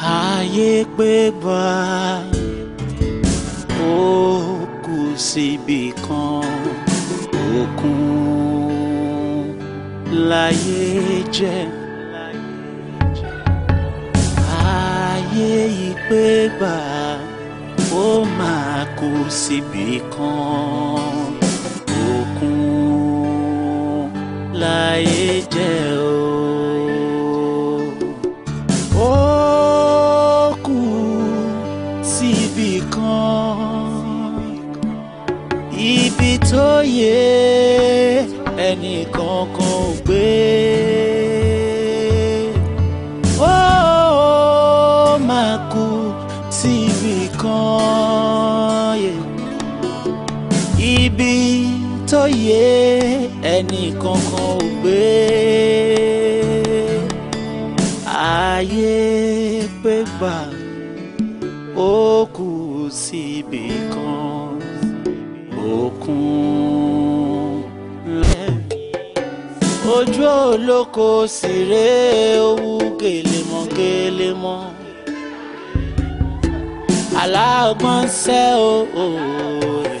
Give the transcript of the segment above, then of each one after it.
ayé pé bá ó kù síbi kan òkun láyé jẹ́. síbì kan. olóko sèré owú kèlémọ kèlémọ aláàgbọn sẹ òòrè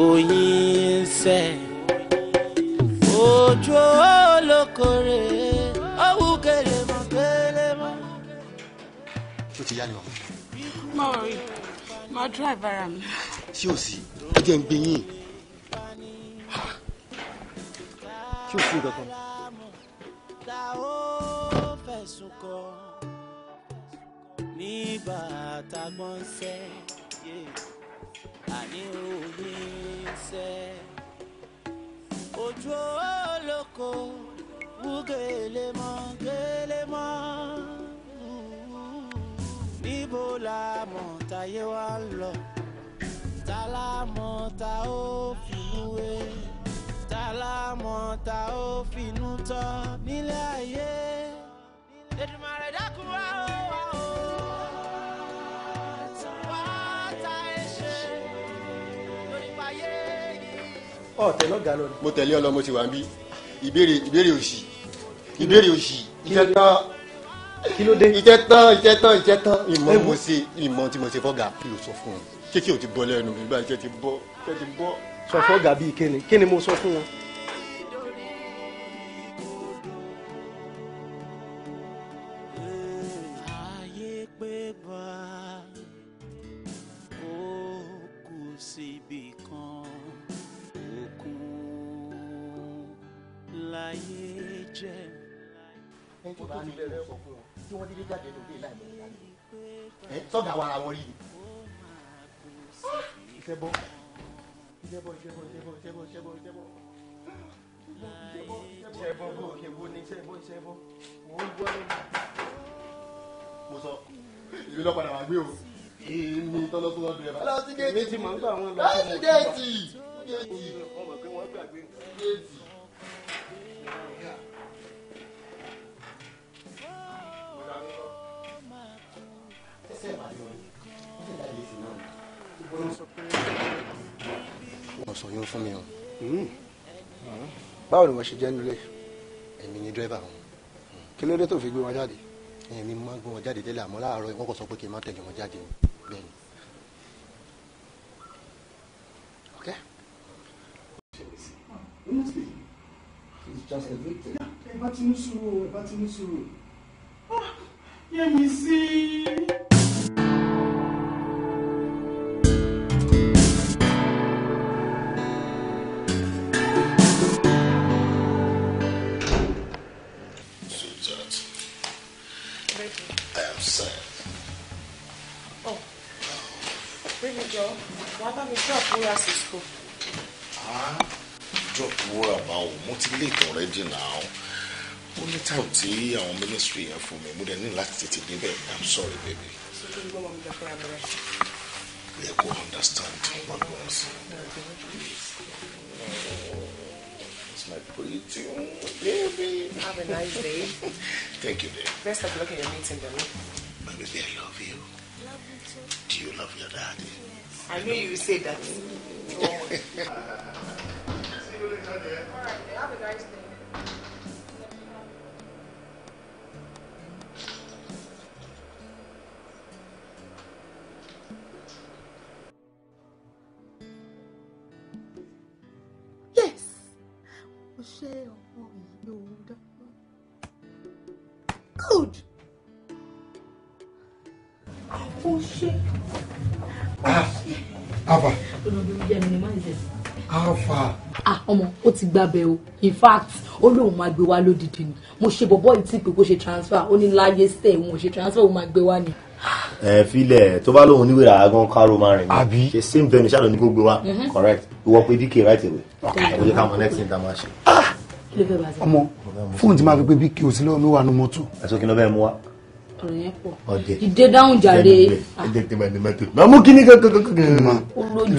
oyin sẹ ojú olóko rè owú kèlémọ kèlémọ. tó ti yá ni wọn. mo rí mo drive ara mi. sí ò sí ẹ jẹ́ ń gbé yín. 就是一个东西。sọkọ nígbà tágbọ́n sẹ́ àní omi sẹ́ ojú olóko wú gèlèmọ́ gèlèmọ́ níbo la mọ̀ táyé wa ń lọ ta la mọ̀ ta ó fi wé ta la mọ̀ ta ó finú tọ́ nílé ayé. Èdùmàrè dákun wá o wá o. ọ tẹ̀lé ọ̀gá lọ. mo tẹ̀lé ọlọmọ ti wà ń bí ìbéèrè ìbéèrè òsì ìbéèrè òsì ìjẹ tán kí ló dé. ìjẹ tán ìjẹ tán ìjẹ tán ìmọ̀ mo ṣe ìmọ̀ tí mo ṣe fọ́gà kí ló sọ fún un kékeré ti bọ́ lẹ́nu mi báyìí ṣe ti bọ́ ṣe ti bọ́. sọ fọ́gà bíi kíni kíni mo sọ fún wọn. jẹ. ẹni tó bá ní bẹ́ẹ̀ lọ sọ fún wọn tí wọ́n dédé jáde lóde láì bẹ̀rẹ̀ láì bẹ̀rẹ̀ ẹ sọ́gà wa ara wọn rí ni. iṣẹ́ bọ́ iṣẹ́ bọ́ iṣẹ́ bọ́ iṣẹ́ bọ́ iṣẹ́ bọ́ iṣẹ́ bọ́ iṣẹ́ bọ́ iṣẹ́ bọ́ bó ṣe wo ni iṣẹ́ bọ́ iṣẹ́ bọ́ wò ó gbọ́ ní. mo sọ ìlú lọ́padà wà gbé o èmi tọ́lọ́tọ́lọ́ dùn ẹ̀ bá. lọ́sídẹ̀ẹ́tì èmi ti mọ̀ ń gbà wọn lọ sí mi. lọ́sídẹ̀ẹ́tì. oyún fún mi o. Hmm. báwo ni wọ́n ṣe jẹ́ nílé. èmi ni dírẹ́bà wọn. kí ló dé tó fi gbé wọn jáde. èmi máa ń gbé wọn jáde tẹ́lẹ̀ àmọ́ láàárọ̀ wọn kò sọ pé kí n má tẹ̀lé wọn jáde bẹ́ẹ̀ ni. Okay? Honestly, it's just a victim. Ẹ bá ti ní sùúrù, ẹ bá ti ah, sí i. méjì náà ó ní táwọn tí àwọn ministry yẹn fún mi mo dẹ̀ ní láti tètè débẹ̀ i'm sorry baby. yẹ kó understand what we It's my pretty baby. Have a nice day. Thank you, dear. Best of luck in your meeting, darling. Baby, I love you. Do you love your daddy? Yes. I knew you would say that. Always. See you later, dear. All right, Have a nice day. iṣẹ́ ọmọ yìí lòun dáná. good. ó ṣe. àfà. Ah, olùdókòwò jẹ́ mi ni máa ń jẹ. àfà. ah ọmọ ó ti gbàbẹ o in fact ó lóun máa gbé wa lódìdí ni mo ṣe bọ̀bọ́ ìtì pé kó ṣe transfer ó ní láyé stẹ̀ wọn ò ṣe transfer ó máa gbé wa ni ẹ filẹ tó bá lóun níwèrè àgàn káró máa rìn ní ṣe same venue ṣáà ló ní gbogbo wa mhm. correct ìwọ pé dk right away ẹ jẹ ká mọ next thing tá a máa ṣe. Ah! ọmọ fóònù tí máa fi pé bk ò sí lọ́wọ́ mi wà ní mọ́tò. àti òkè náà bẹ́ẹ̀ mú wa. ọ̀rọ̀ yẹn pọ̀ ìdè dáhùn jàre. ẹ̀jẹ̀ tí ma ní mẹ́tò máa mú kíní kankan.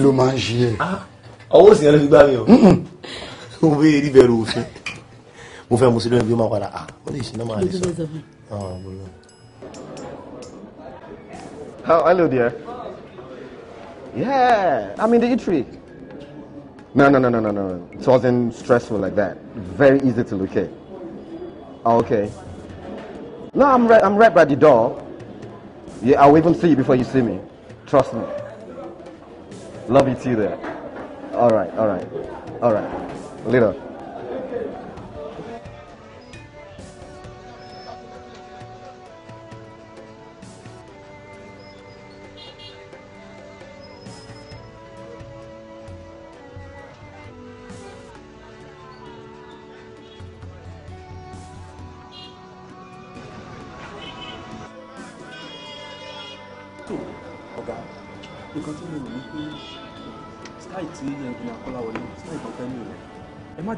ló máa ń ṣe é. Ah! ọwọ́ òsì yẹn ló fi gbá mi o. mo fẹ́ rí bẹ̀rù òfin mo fẹ́ mo sí lóyún bí ó máa padà ah ó lè ṣe náà máa lè sọ. Oh, hello there. Yeah, I'm in the eatery. No, no, no, no, no, no. It wasn't stressful like that. Very easy to locate. Oh, okay. No, I'm right. I'm right by the door. Yeah, I'll even see you before you see me. Trust me. Love you too, there. All right, all right, all right. Later.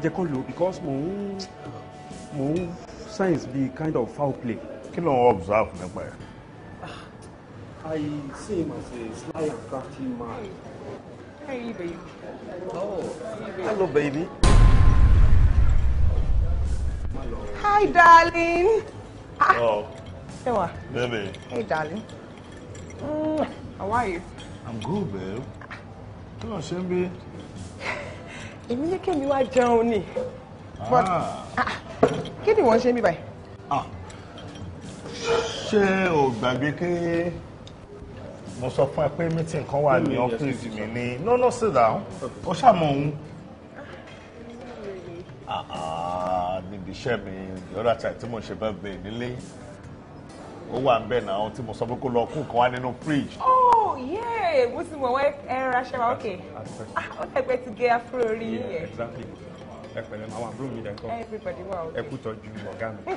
jẹ́ kán lò because mò ń mò ń science be kind of foul play. kí ló ń observe nípa ẹ̀. Ah, I see him as a sly and crafty man. Hey baby. Oh, hello baby. Hi darling. Ah. Oh. Hey, Baby. Hey darling. Mm, how are you? I'm good babe. Kí ló ń ṣe ń bí? èmi ní kémi wá jẹun ni but ah. Ah, kí ni wọ́n ṣe mí báyìí. Ah. ṣé o gbàgbé pé mo sọ fún ẹ pé mítìn kan wà ní ọ́fíìsì mm, mi ní no no sit down ó ṣàmọ òun níbi iṣẹ́ mi the other time tí mo ṣe bẹ́ẹ̀ bẹ́ẹ̀ nílé ó wà ń bẹ̀ náà ohun tí mo sọ pé kó lọ kú kan wá nínú fridge. oh yeah mo ti mọ̀ wọ́n ẹ ra ṣe wa ok ah, ó lẹ́gbẹ́ ti gé afro orí yẹn. ẹ pẹ̀lẹ́ màá wà bro mi dẹ́kọ̀ ẹ kú tọ́jú ọ̀gá mi.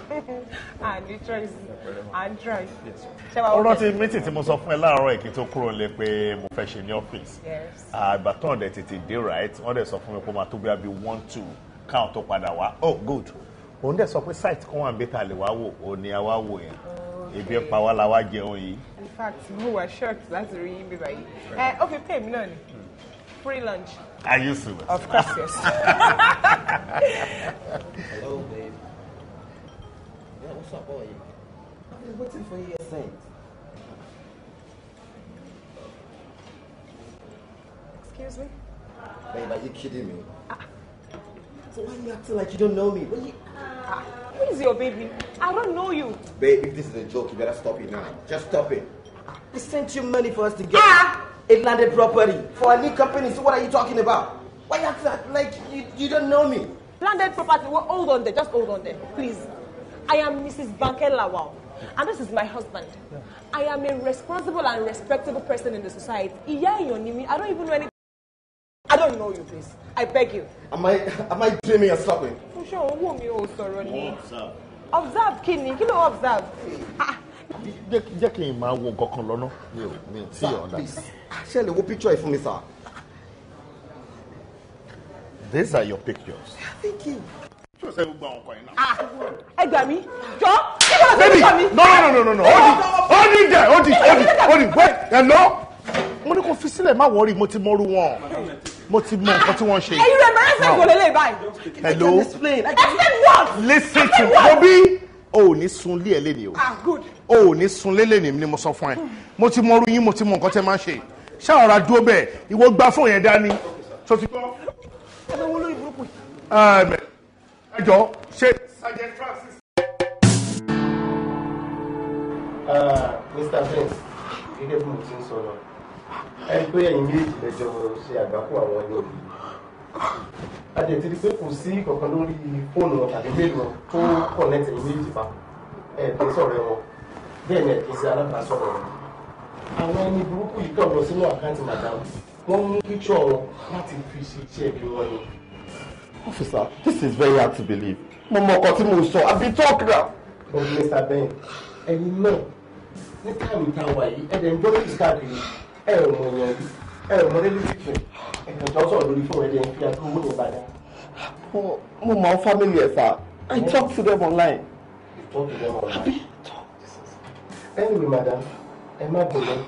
and the choice and try. ó rántí mítì tí mo sọ fún ẹ láàárọ̀ èkì tó kúrò lé pé mo fẹ́ ṣe ní ọ́fíìsì ah, àgbà tán ọ̀dẹ̀ tètè dé right wọ́n dẹ̀ sọ fún mi pé ó máa tó bí abí one two káwọn tó padà wá oh good òun dẹ̀ sọ pé site kan wà ń bẹ́tà lè wá wò òun ni a wò yẹn ebi ẹ pa wá la wá jẹun yìí. in fact mo wà shocked láti rí yín bíbá yìí ẹ ó fi pay mi náà ni free lunch. are you serious. of course yes. hello babe. yeah what's up how are you. I've been waiting for you since. Excuse me? Babe, are you kidding me? Uh, so why are you acting like you don't know me? What you... Who is your baby? I don't know you. Babe, if this is a joke, you better stop it now. Just stop it. We sent you money for us to get ah. a landed property for a new company. So what are you talking about? Why you that? Like you, you don't know me. Landed property. Well, hold on there. Just hold on there, please. I am Mrs. Banke Lawal, and this is my husband. Yeah. I am a responsible and respectable person in the society. Iya Yonimi, I don't even know any. I don't know you, please. I beg you. Am I am I dreaming or something? ṣé o wò mí o sọ̀rọ̀ ni observe kí ni kí ló observe. Ah. jẹ́ kí n máa wo nǹkan kan lọ́nà mi ò mi tí ì ọ̀dà. ṣé lè wo picture yìí fún mi sir. these are your pictures. Ah. ẹ gbà mí jọ kí ló ń sọ mí. baby no no no no no hold it hold it there hold it hold it wait mo ní kó fi sílẹ̀ má wọ́ọ̀rì mo ti mọ́rú wọn mo ti mọ nǹkan tí wọ́n ṣe. ẹyin rẹ̀ mẹ́rin fẹ́ ìwọlé lè báyìí. hello explain what. listen to bobi o ò ní sun lé ẹ lẹ́nìí o ah, o ò ní sun lé lẹ́nìí ni mo sọ fún ẹ mo ti mọ́rú yín mo ti mọ nǹkan tẹ́ máa ń ṣe ṣáà dúró bẹ́ẹ̀ ìwọ gba fóònù yẹn dání tó ti gbọ́. ẹ jọ ṣe Sergeant ah, Mr. Bless gẹ́gẹ́ bí mo ti ń sọ ẹni pé ẹ̀yin méjì lẹ́jọ́ ṣe àgbákò àwọn ẹni òbí àdètìrí pé kò sí kankan lórí fóònù wọn tàbí méèlì wọn tó kọ̀nẹ́tì ẹ̀yin méjì pa ẹ̀ kì í sọ̀rọ̀ wọn bẹ́ẹ̀ ni ẹ̀ kì í ṣe alábàásọ̀rọ̀ wọn. àwọn ẹni burúkú yìí kàn lọ sínú àkáǹtì madam wọ́n mú píṣọ̀ wọn láti fi ṣe iṣẹ́ ibi wọn ni. officer this is very hard to believe mo mọ ọkọ tí mo sọ i talk now. but mr ben ẹ̀yin náà ní táàmù táwa yìí ẹ̀dẹ̀ ń gbọ́ ẹ ò mọ èèyàn rí ẹ ò mọ rẹlẹsìtì ẹ̀yàn tó sọ̀rọ̀ lórí fún ẹ̀dẹ̀ fi àti owó yẹn padà. mo mọ family ẹ fa I mm. talk to them online. You talk to them online. anyway madam ẹ má bẹ̀rẹ̀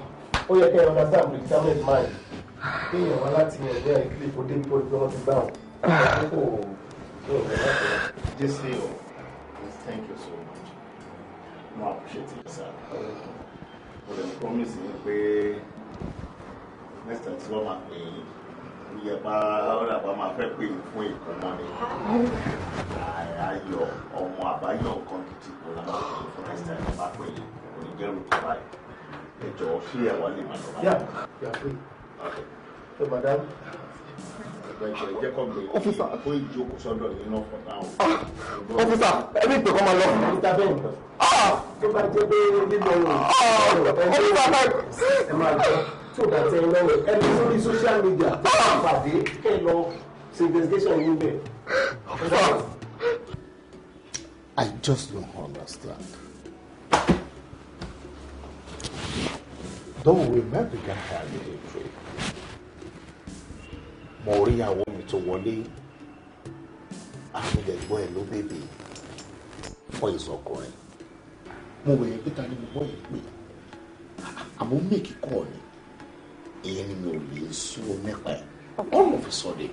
ó yẹ kẹ́ ẹ ọ̀dà sáà bìrì sáà mẹ́tì máì kéèyàn wá láti yàn ní àìkílẹ̀ kó débi kó lọ́wọ́ ti gbà wọ́n. àkókò tó o jésì o thank you so much mo appreciate you sir mo lè promise you pé next time tí wọ́n máa pè é ó yẹ bá ọ̀rọ̀ àbá máa fẹ́ pè é fún ìkómọ ni ayọ̀ ọmọ àbáyọ̀ nǹkan gidi kò lábàá pè é fún next time bá pè é kò ní jẹ́rù tó báyìí ẹ jọ̀ọ́ ṣé ẹ̀ wá lè máa lọ báyìí. ṣé bàdá ọfisa ọfisa ẹni pè kọ́ máa lọ. ọfisa ah! báyìí tí ò tẹ ẹ lọ́wọ́ ẹ lọ sórí social media fún àpàdé kẹ́ ẹ lọ ṣe investigation yín bẹ̀. I just don't understand. Don't we met the guy at the entry, mo rí àwọn mi tó wọlé àmìlẹ̀gbọ́n ẹ̀ ló bèbè fọ́ ìsọkùnrin mo wẹ̀ ẹ́ pé ta ni mo gbọ́ yìí pé àmọ́ mèkì kọ́ ni ìyẹn mi ò lè súnmọ́ nípa ẹ̀ all of a sudden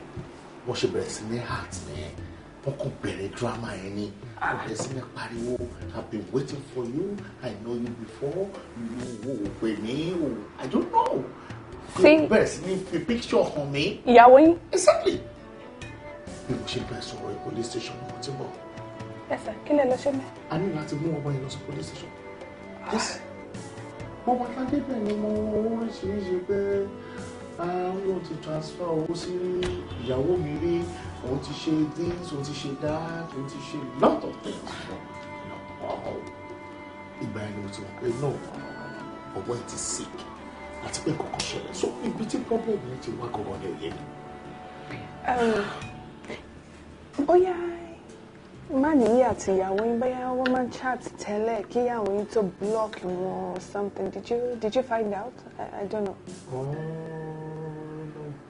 wọ́n ṣe bẹ̀rẹ̀ sí ní heart nìyẹn wọ́n kò bẹ̀rẹ̀ drama yẹn ni wọ́n bẹ̀rẹ̀ sí ní pariwo i been waiting for you i know you before you wo pè mí o i don't know sí bẹ̀rẹ̀ sí ní fi picture hàn mí. ìyàwó yín. exactly bí mo ṣe bẹ̀rẹ̀ sọ̀rọ̀ police station mo ti bọ̀. ẹsẹ̀ kí lè lọ ṣe mẹ́. a ní láti mú ọmọ yẹn lọ sí police station. yes. Ah but mo wà ládébẹ̀ ni mo oríṣiríṣi pé wọ́n ti transfer owó sí ìyàwó mi rí Want to share this Want to share that Want to share a lot of things. ìgbà ẹni mo ti wọ pé náà ọwọ́ ẹ ti sick àti pé kọ̀ọ̀kan ṣẹlẹ̀ so ibi tí problem yẹn to work gọ́gọ́ ni again. Oh yeah má nìyí àti ìyàwó yín bóyá wọ́n máa ń chat tẹ́lẹ̀ kí ìyàwó yín tó block wọn or something did you did you find out i, I don't know. Oh,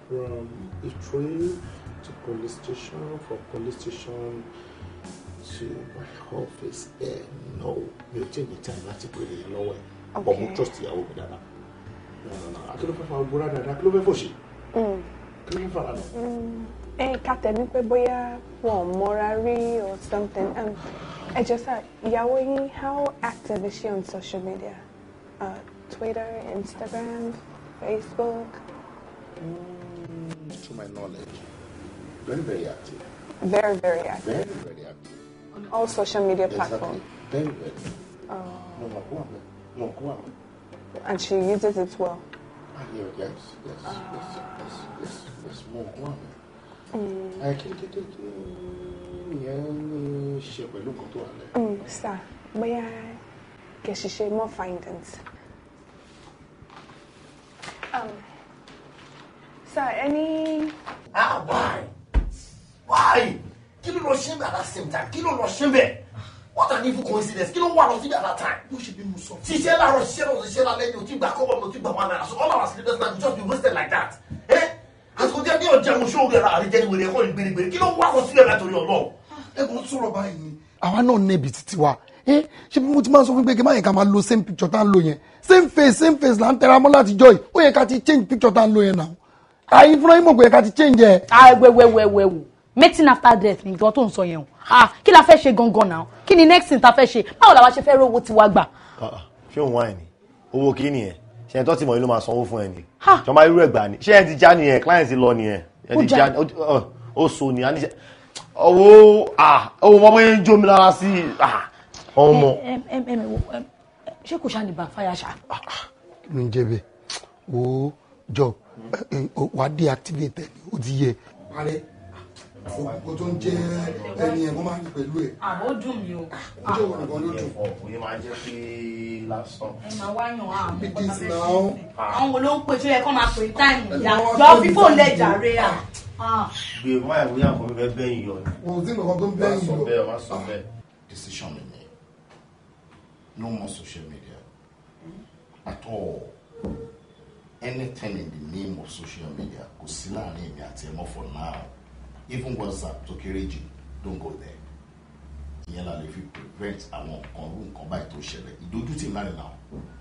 from Ikoyi to police station from police station to my office eh, no mi ò tí ì ní time láti pèrè lọ́wọ́ ẹ̀ but mo trust ìyàwó mi dáadáa akíló fẹ́ fà gbóra dáadáa akíló fẹ́ fò ṣe mm. kí ló fẹ́ fà lánàá. ẹ ká tẹ̀lé pé bóyá. What Morari or something um, I just thought, ìyàwó how active is she on social media uh, Twitter Instagram Facebook. Mm, to my knowledge very very active. very very active. very very active. on all social media exactly. platforms. very very. Oh. no no go no go and she uses it well. Ah, yeah, yes yes, uh, yes yes yes yes yes no go on. Mm. àìkérékété mm, um, ah, why why kí ló lọ at that same time kí ló lọ what an evil coincidence kí ló wà lọ at that time. yóò ṣe bí mo sọ. ṣiṣẹ́ láàárọ̀ ṣiṣẹ́ lọ́sọ̀ ṣiṣẹ́ lálẹ́ ni o ti gbà kọ́kọ́ mi ti gbà wọn náírà so all our sleepers na just be wasted like that jẹ́ kí o jẹun ṣó rẹ̀ ra àríjẹ́ ìwé rẹ̀ kọ́ kí ló ń wákọ̀ sílẹ̀ látòrí ọlọ́run. ẹ̀gbọ́n sọ̀rọ̀ báyìí ni. àwa náà nẹ̀bi títí wa ṣé mo ti máa sọ fún máa yẹ ká máa lo same picture tá à ń lo yẹn same face same face là ń tẹra mọ́ láti jọ yìí ó yẹ ká ti change picture tá à ń lo yẹn náà àyè fúnra yín mọ̀ pé yẹ ká ti change ẹ̀. àwẹ̀wẹ̀wẹ̀wẹ̀ ah, mating after death ni nǹkan tó ń sọ yẹn o ah kí la fẹ́ ṣe gangan náà kí ni next thing ta fẹ́ ṣe báwo la ṣe fẹ́ rówó tiwa gbà. Ah, ah, ṣé òun wáyé ni owó kí ni yẹn ṣe ẹ tó ti mọ̀ yín ló máa sanwó fún ẹ ni ṣe ọmọ irú ẹ̀ gbà ni ṣe ẹ ti já nìyẹn client lọ nìyẹn ẹ ti já ó so ni a ní ṣe owó owó mọ́ bóyá ń jó mi lára sí ọmọ. ṣé kò ṣáà lè bá ṣá. Ah, ah. mi ń jẹ̀bẹ̀ wo jọ wà á deactivate ẹ o ti yẹ kò tó ń jẹ ẹni ẹ̀ mo máa ń rí pẹ̀lú ẹ̀. àmọ́ dùn mí o. ojú òun nìkan ló dùn. òye máa jẹ́ pé lásán. ẹ máa wá yàn án mú kọ́tà fẹ́ ṣe. àwọn wo ló ń pè tó yẹ kó máa pè táìmù ìyá jọ fífò lẹ́jà rẹ̀ à. Ah. Ah. gbé máa ìwé àkọ́ mi fẹ́ bẹ́yìn yọ ni. òun sì nǹkan tó ń yọ. bẹ́ẹ̀ má sọ ah. bẹ́ẹ̀. decision mi ni no more social media mm-hmm. at all anything in the name of social media kò sí láàrin èmi àti ẹmọ for now even WhatsApp tó kéré jù don't go there ìyẹn la lè fi prevent àwọn nǹkan irú nǹkan báyìí tó ṣẹlẹ̀ ìdójútì ńlá ni náà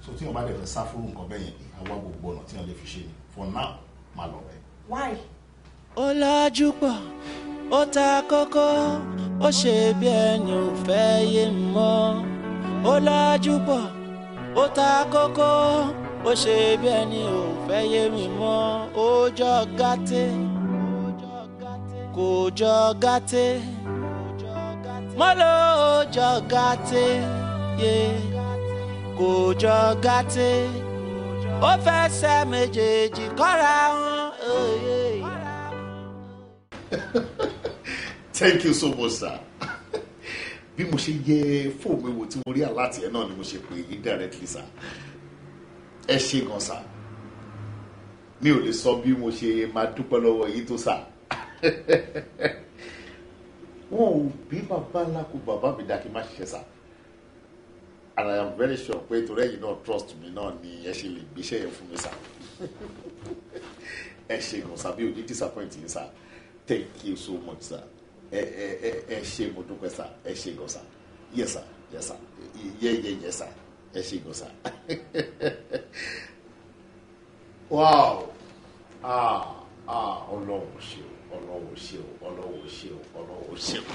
so tí wọn bá dẹ̀ fẹ́ sá fún nǹkan bẹ́ẹ̀ yẹn àwa gbogbo ọ̀nà tí wọn lè fi ṣe ni for now má lọ bẹ́ẹ̀. why. ó lọ́jú pọ̀ ó ta kókó ó ṣe bí ẹni ò fẹ́ yé mọ́ ó lọ́jú pọ̀ ó ta kókó ó ṣe bí ẹni ò fẹ́ yé mi mọ́ ó jọ gàtẹ́ kò jọ gàtẹ́ mo ló jọ gàtẹ́ yé kò jọ gàtẹ́ ó fẹsẹ̀ méjèèjì kọ́ra wọn. Oh, thank you so much sir bí mo ṣe yẹ fóònù mi wò tí mo rí àláàtì ẹ náà ni mo ṣe pè é directly sir ẹ ṣe gan sir mi ò lè sọ bí mo ṣe máa dúpẹ́ lọ́wọ́ yìí tó sir. wọn ò bí bàbá aláko bàbá mi dákì má ṣiṣẹ́ sá and I am very sure pé torí ẹ̀yin náà trust mi náà ni ẹ ṣe lè gbéṣẹ́ yẹn fún mi sá ẹ ṣe gan sábẹ́ òní disappoint yín sá thank you so much sá ẹ ẹ ẹ ẹ ṣe mo dúpẹ́ sá ẹ ṣe gan sá yes sá yes sá yẹ yẹ yẹ sá ẹ ṣe sá wow ah ah ọlọ́run ṣe o ọlọ́wọ́ ṣe o ọlọ́wọ́ ṣe o ọlọ́wọ́ ṣe o.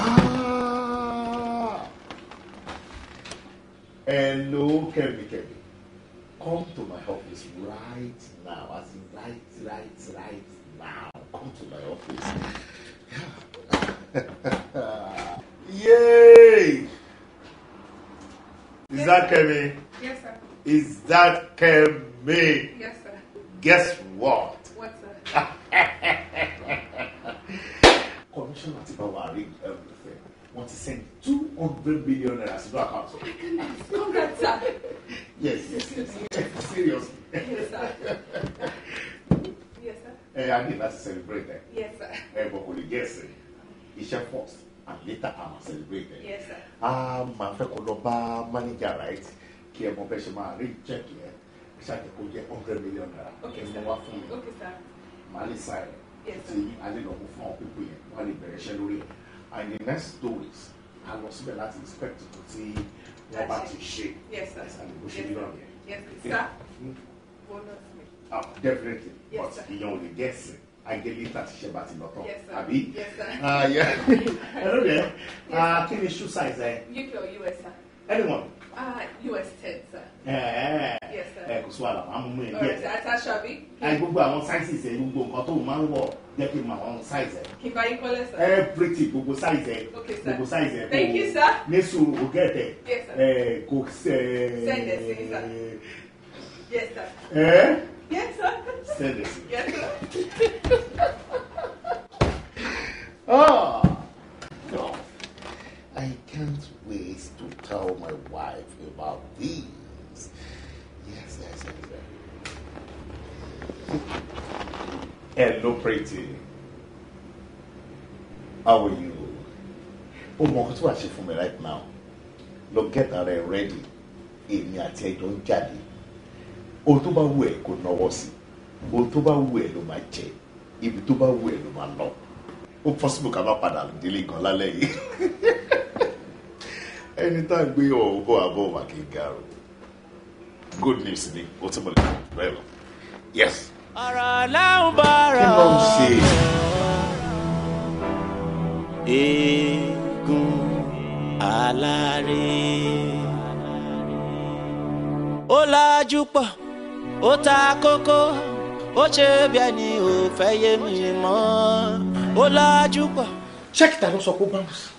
Ah! hello kẹ́mi kẹ́mi come to my office right now as in right right right now come to my office. Yay! Is yes, that Kemi? Yes, sir. Is that Kemi? Yes, sir. Guess what? What, sir? commissioner ti bá wa arrange everything Want to send two hundred million naira sí bank account. congrats sir. yes yes yes seriously. yes sir. yes sir. ẹ a ní láti celebrate ẹ. yes sir. ẹ bọ̀ kò lè jẹ́ ẹsẹ̀ iṣẹ́ first and later a máa celebrate ẹ. yes sir. a máa fẹ́ kó lọ manager right kí ẹ mọ bẹ́ẹ̀ ṣe máa arrange check yẹn ṣáà jẹ́ kó jẹ́ hundred million naira. okay sir. okay sir màá lè sa ẹ̀ tí a lè lọ mú fún àwọn pípé yẹn wọ́n á lè bẹ̀rẹ̀ iṣẹ́ lórí ẹ̀ and the next two weeks a lọ síbẹ̀ láti inspect tó tí wọ́n bá ti ṣe àti bó ṣe nílò yẹn. Ah, definitely yes, but ìyẹn ò lè gẹ̀ẹ́sì agelita ti ṣe bá ti lọ tán àbí ah, hello there ah, kí ni shoe size ẹ. UK or US sir. anyone. Uh, US ten sir ẹ eh, eh, eh. kò sọ àlà máa mú mú ẹ díẹ̀ ẹ gbogbo àwọn sáìsì ẹ gbogbo nǹkan tó máa ń wọ̀ jẹ́ kí n mọ àwọn sáìsì ẹ. kì í bá yín kọ́lẹ̀ sá. ẹ pírètì gbogbo sáìsì ẹ gbogbo sáìsì ẹ kò ní sùn ògẹ́tẹ̀ ẹ kò sẹ. sẹ́ndẹ̀ sí i sá. yes sir. ẹ. yes sir. sẹ́ndẹ̀ sí i. yes sir. Oh, I can't wait to tell my wife about this. Hello, pretty. How are you? Oh, mọ nǹkan tí wàá ṣe fún mi right now. Lọ get ara ẹ ready. Èmi àti ẹjọ́ ń jáde. Ohun tó bá wù ẹ́ kò náwó sí. Ohun tó bá wù ẹ́ ló máa jẹ. Ibi tó bá wù ẹ́ ló máa lọ. Ó possible ká má padà délé gan lálẹ́ yìí. Ẹni tá a gbé ọ̀hún bọ̀ àbọ̀ wà kí n ga o. Good news ni o tún mọ̀ lè fún bẹ́ẹ̀ lọ. Yes kí ló ń ṣe. eégún alárè ó lajú pọ̀ ó ta kókó ó ṣe bí ẹni ò fẹ́ yé mi mọ́ ó lajú pọ̀. ṣé kìtà ló sọ pé ó bá wọn sí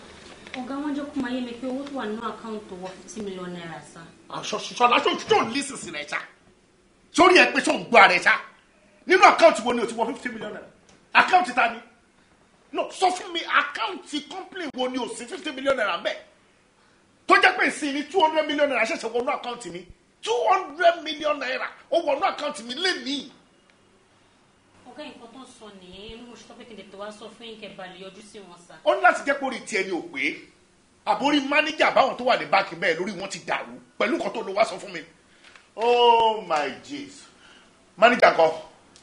ọ̀gá wọn jẹ́ kó máa yé mi pé owó tó wà nínú àkáǹtì tó fifty million naira san. aṣọ ṣọlá ṣọlá ṣọlá lísìsì rẹ ṣá sórí ẹ pé ṣó ń gbọ́ ara ẹ ṣá nínú àkáǹtì wo ni o ti wọ fifty million naira àkáǹtì ta ni no sọ fún mi àkáǹtì complain wo ni o sí fifty million naira bẹ́ẹ̀ tó jẹ́ pé ìsìn ní two hundred million naira ṣẹ̀ṣẹ̀ wọnú àkáǹtì mi two hundred million naira ó wọnú àkáǹtì mi lénìí. ọ̀gá nǹkan tó ń sọ nìyẹn ló ń sọ pé kí n tètè wá sọ fún yín kẹ́ balẹ̀ yọjú sí wọn sá. ó ní láti jẹ́ pé orí tiẹ̀ ni ò pé àbórí mánéjà báwọn tó wà ní báńkì bẹ́ẹ̀ lórí wọn ti dàrú pẹ̀lú nǹkan tó lọ wá sọ fún mi. oh my jeez mánéjà kan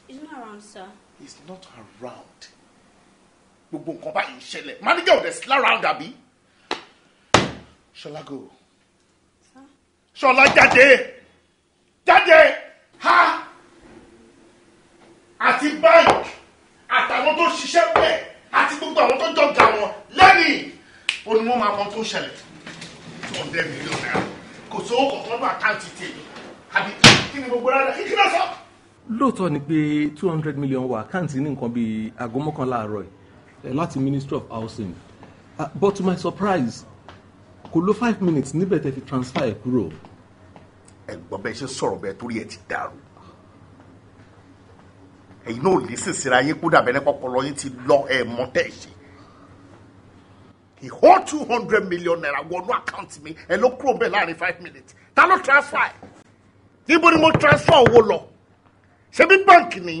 he's not around sir. he's not around gbogbo nǹkan báyìí ń ṣẹlẹ̀ manager ò the slow lára àdà bí. ṣọlá go ṣọlá jáde jáde ha àti báńkì àtàwọn tó ṣiṣẹ́ bẹ́ẹ̀ àti gbogbo àwọn tó jọ ga wọn lẹ́yìn ó ní wọ́n máa mọ tó ṣẹlẹ̀ two hundred million naira kò sówó kọ̀ọ̀kan náà àkáǹtì tèmi àbí kí ni gbogbo rárá kí kí náà sọ lóòótọ́ ni pé two hundred million wà àkáǹtì ní nǹkan bíi aago mọ́kànlá àárọ̀ ẹ̀ eh, láti ministry of housing uh, but to my surprise kò ló five minutes níbẹ̀ tẹ́ fi transfer ẹ̀ kúrò. ẹ̀gbọ́n bẹ́ẹ̀ ṣe sọ̀rọ̀ bẹ́ẹ̀ torí ẹ̀ ti dàrú ẹ̀yin náà lè sísèrè ayé kó dàbẹ́ nípa ọpọlọ yín ti lọ ẹ̀ mọ́ tẹ̀ ṣe ìhó two hundred million naira wọnú àkáǹtì mi ẹ̀ ló kúrò bẹ́ẹ̀ láàrin five minutes ta ló transfer ẹ̀ níbo ni mo transfer owó lọ ṣebí báǹkì ni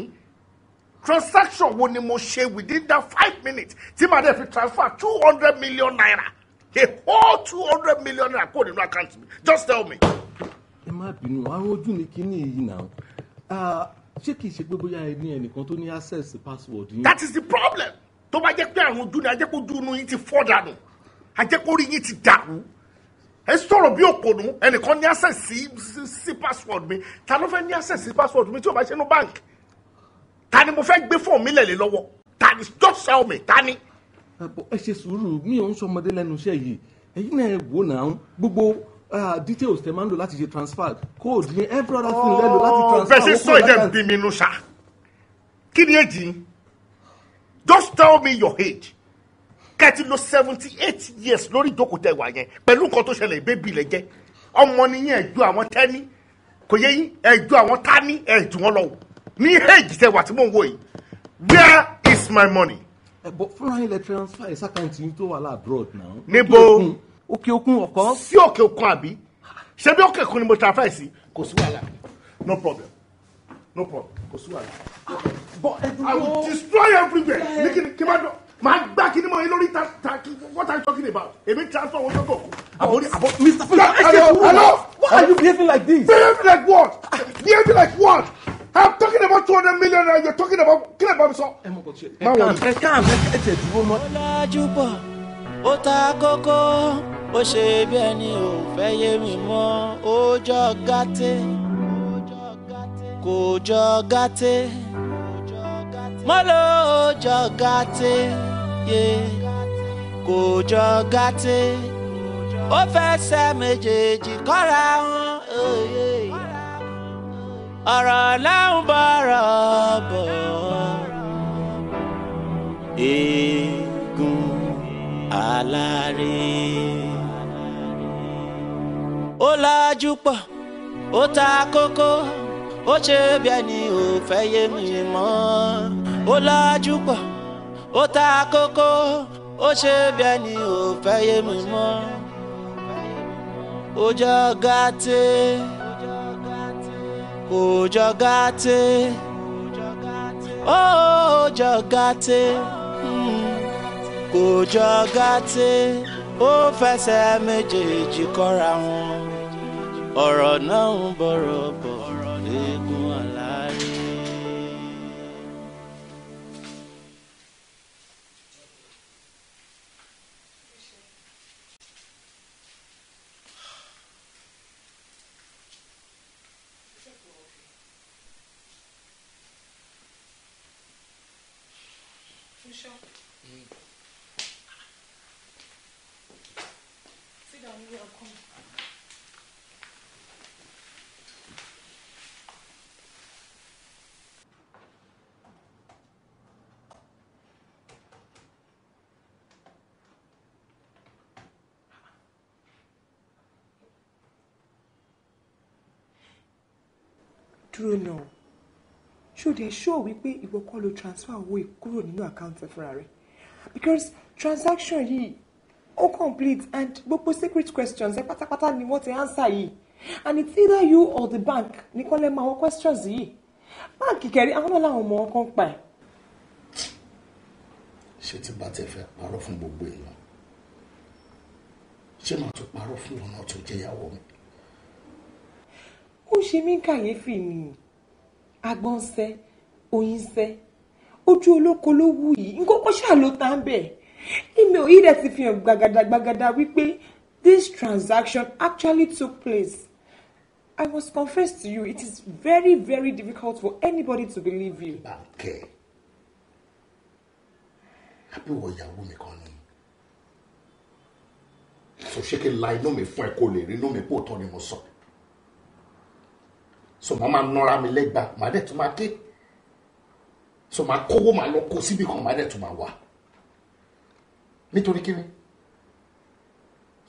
transaction wo ni mo ṣe within that five minutes tí màá dẹ̀ fi transfer two hundred million naira a whole two hundred million naira kó nínú account mi just tell me. ẹ má bínú àwọn ojú ni kíní yìí náà ṣé kìí ṣe pé bóyá ẹ ní ẹnìkan tó ní access password yín. that is the problem tó bá jẹ́ pé àrùn ojú ni ajẹ́kójú inú yín ti fọ́ dànù ajẹ́kórí yín ti dàrú ẹ sọ̀rọ̀ bí òpònú ẹnìkan ní access sí password mi ta ló fẹ́ ní access password mi tí o bá ṣe nu bank ta ni mo fẹ́ gbé fóònù mi lẹ̀lẹ̀ lọ́wọ́ ta ni just tell me ta ni. ẹ ṣe sùúrù mi ò ń sọ ọmọdé lẹ́nu iṣẹ́ yìí ẹ̀yin náà wò náà gbogbo details tẹ máa ń lò láti ṣe transfer code yẹn every other thing lẹ́lò láti oh, transfer. bẹ́ẹ̀ ṣe sọ ìjẹ́ bí mi nu ṣá kí ni èjì just tell me your age kẹ́ẹ̀tì lo seventy eight years lórí ìjókòó tẹ wà yẹn pẹ̀lú nǹkan tó ṣẹlẹ̀ ìbébì lẹ jẹ́ ọmọ nìyẹn ẹ̀jọ́ àwọn tẹ́ni kò yẹ yín ẹ̀jọ́ àwọn tání ẹ̀jù wọn lọ o ní èjì tẹ wà tí mò ń wò yìí where is my money. ẹ bọ fúnra yín transfer ẹ sàkáǹtì yín tó wà abroad náà. níbo òkè òkun ọkọ. sí òkè òkun àbí ṣebí òkè òkun ni mo transfer sí kò sí wàhálà no problem no problem kò sí wàhálà. Ah, bọ ẹ dúró. I will destroy everywhere. ní kí máa gbá kí ni mo yín lórí ta ta what are you talking about èmi transfer owó sọ́kọ̀ kù. àbórí àbó mr fúlẹ̀ ẹ ṣe wúwo why are you behaving like this. behaving like what behaving like what i'm talking about two hundred million naira you're talking about kí lè bá mi sọ. ẹ mọ̀ kò tiẹ̀ ẹ kàn ẹ kàn ẹ tẹ̀ dúró náà. Ọlájúbọ̀ ó ta kókó ó ṣe bí ẹni ò fẹ́ yé mi mọ́ ó gàtẹ́ kò jọ gàtẹ́ mọ́lò ó gàtẹ́ yé kò jọ gàtè ó fẹsẹ̀ méjèèjì kọ́ra wọn ọ̀rọ̀ láwọn bọ̀rọ̀ bọ̀ eégún alárè ó lajú pọ̀ ó ta kókó ó ṣe bí ẹni ò fẹ́ yé mi mọ́ ó lajú pọ̀ ó ta kókó ó ṣe bí ẹni ò fẹ́ yé mi mọ́ ó jọ gàté kò jọ gàté ó jọ gàté kò jọ gàté ó fẹsẹ̀ méjèèjì kọ́ra wọn ọ̀rọ̀ náà ń bọ̀rọ̀ bọ̀ lẹ́nu. dúró náà ṣòde ṣóò wípé ìwọ kọ́ ló transfer owó kúrò nínú àkáǹtì fúnra rẹ̀ because transaction yìí ó complete and gbogbo secret questions ẹ pátápátá ni wọ́n ti answer yìí and it's either you or the bank nìkan lè mọ àwọn questions yìí báńkì kẹrin àwọn náà làwọn ọmọ ọkàn pa ẹ. ṣé tí bá tẹ fẹ́ parọ́ fún gbogbo èèyàn ṣé màá tún parọ́ fún ọ̀nà tó jẹ́yàwó mi ó ṣe mí kàyéfì ni agbọ̀nsẹ̀ oyinsẹ́ ojú olóko ló wù yìí nǹkan kan ṣáà ló ta ń bẹ̀ email yìí dẹ̀ ti fi hàn gbàgàdàgbàgàdà wípé this transaction actually took place I must confess to you it is very very difficult for anybody to believe you. bàǹkẹ́ àbíwọ̀ ìyàwó mi kan ni sọ ṣé kí n la inú mi fún ẹ kó lè rí inú mi pò tán ni mo sọ. So so màá máa nọra mi lẹ́gba màá dẹ̀ tún máa ké so màá kówó màá lọ kó síbi kan màá dẹ̀ tún máa wà nítorí kíni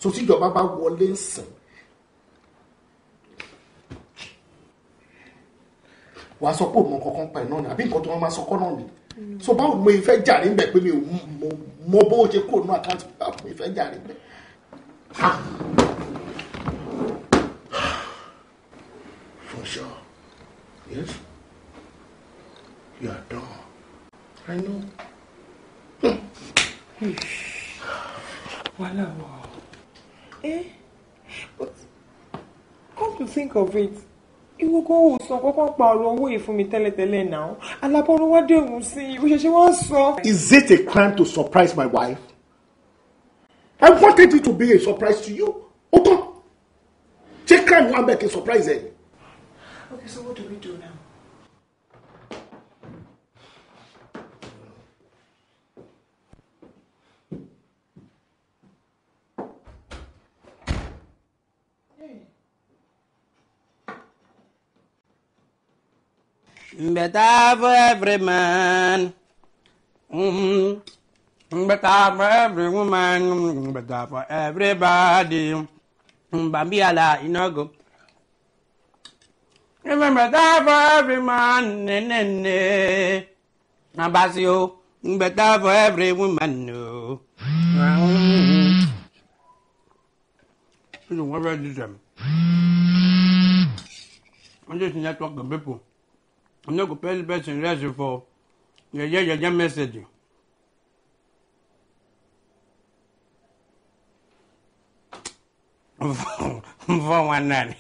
so tíjọba bá wọlé ń sìn wàá sọ pé òun kankan pa iná ni àbí nǹkan tó wọn máa sọ kọ́ náà ni so báwo mo ìfẹ́ jàre ńbẹ pé mi ò mọ bó ṣe kúrò ní àkáǹtì báwo mo ìfẹ́ jàre ńbẹ. Yes? You are done. I know. Wala wow. Eh? But come to think of it, ìwọ will go sọ kọ́kọ́ pa ọ̀rọ̀ owó yìí fún mi tẹ́lẹ̀tẹ́lẹ̀ náà. Alábọ́rún wá dé òun sí see. ó should want so. Is it a crime to surprise my wife? I wanted it to be a surprise to you. Ó tán. crime one bẹ́ẹ̀ kí surprise ẹ̀? I said, what do we do now? better for every man. Mm-hmm. Better for every woman. Mm, better for everybody. Bambi ala inogo. Remember that for every man, nene, ne ne. Abasio, better oh, for every woman, no. Oh. You don't worry about them. Um? I'm just talk of people. I'm not going to pay the person rest for your yeah, yeah, message. for one night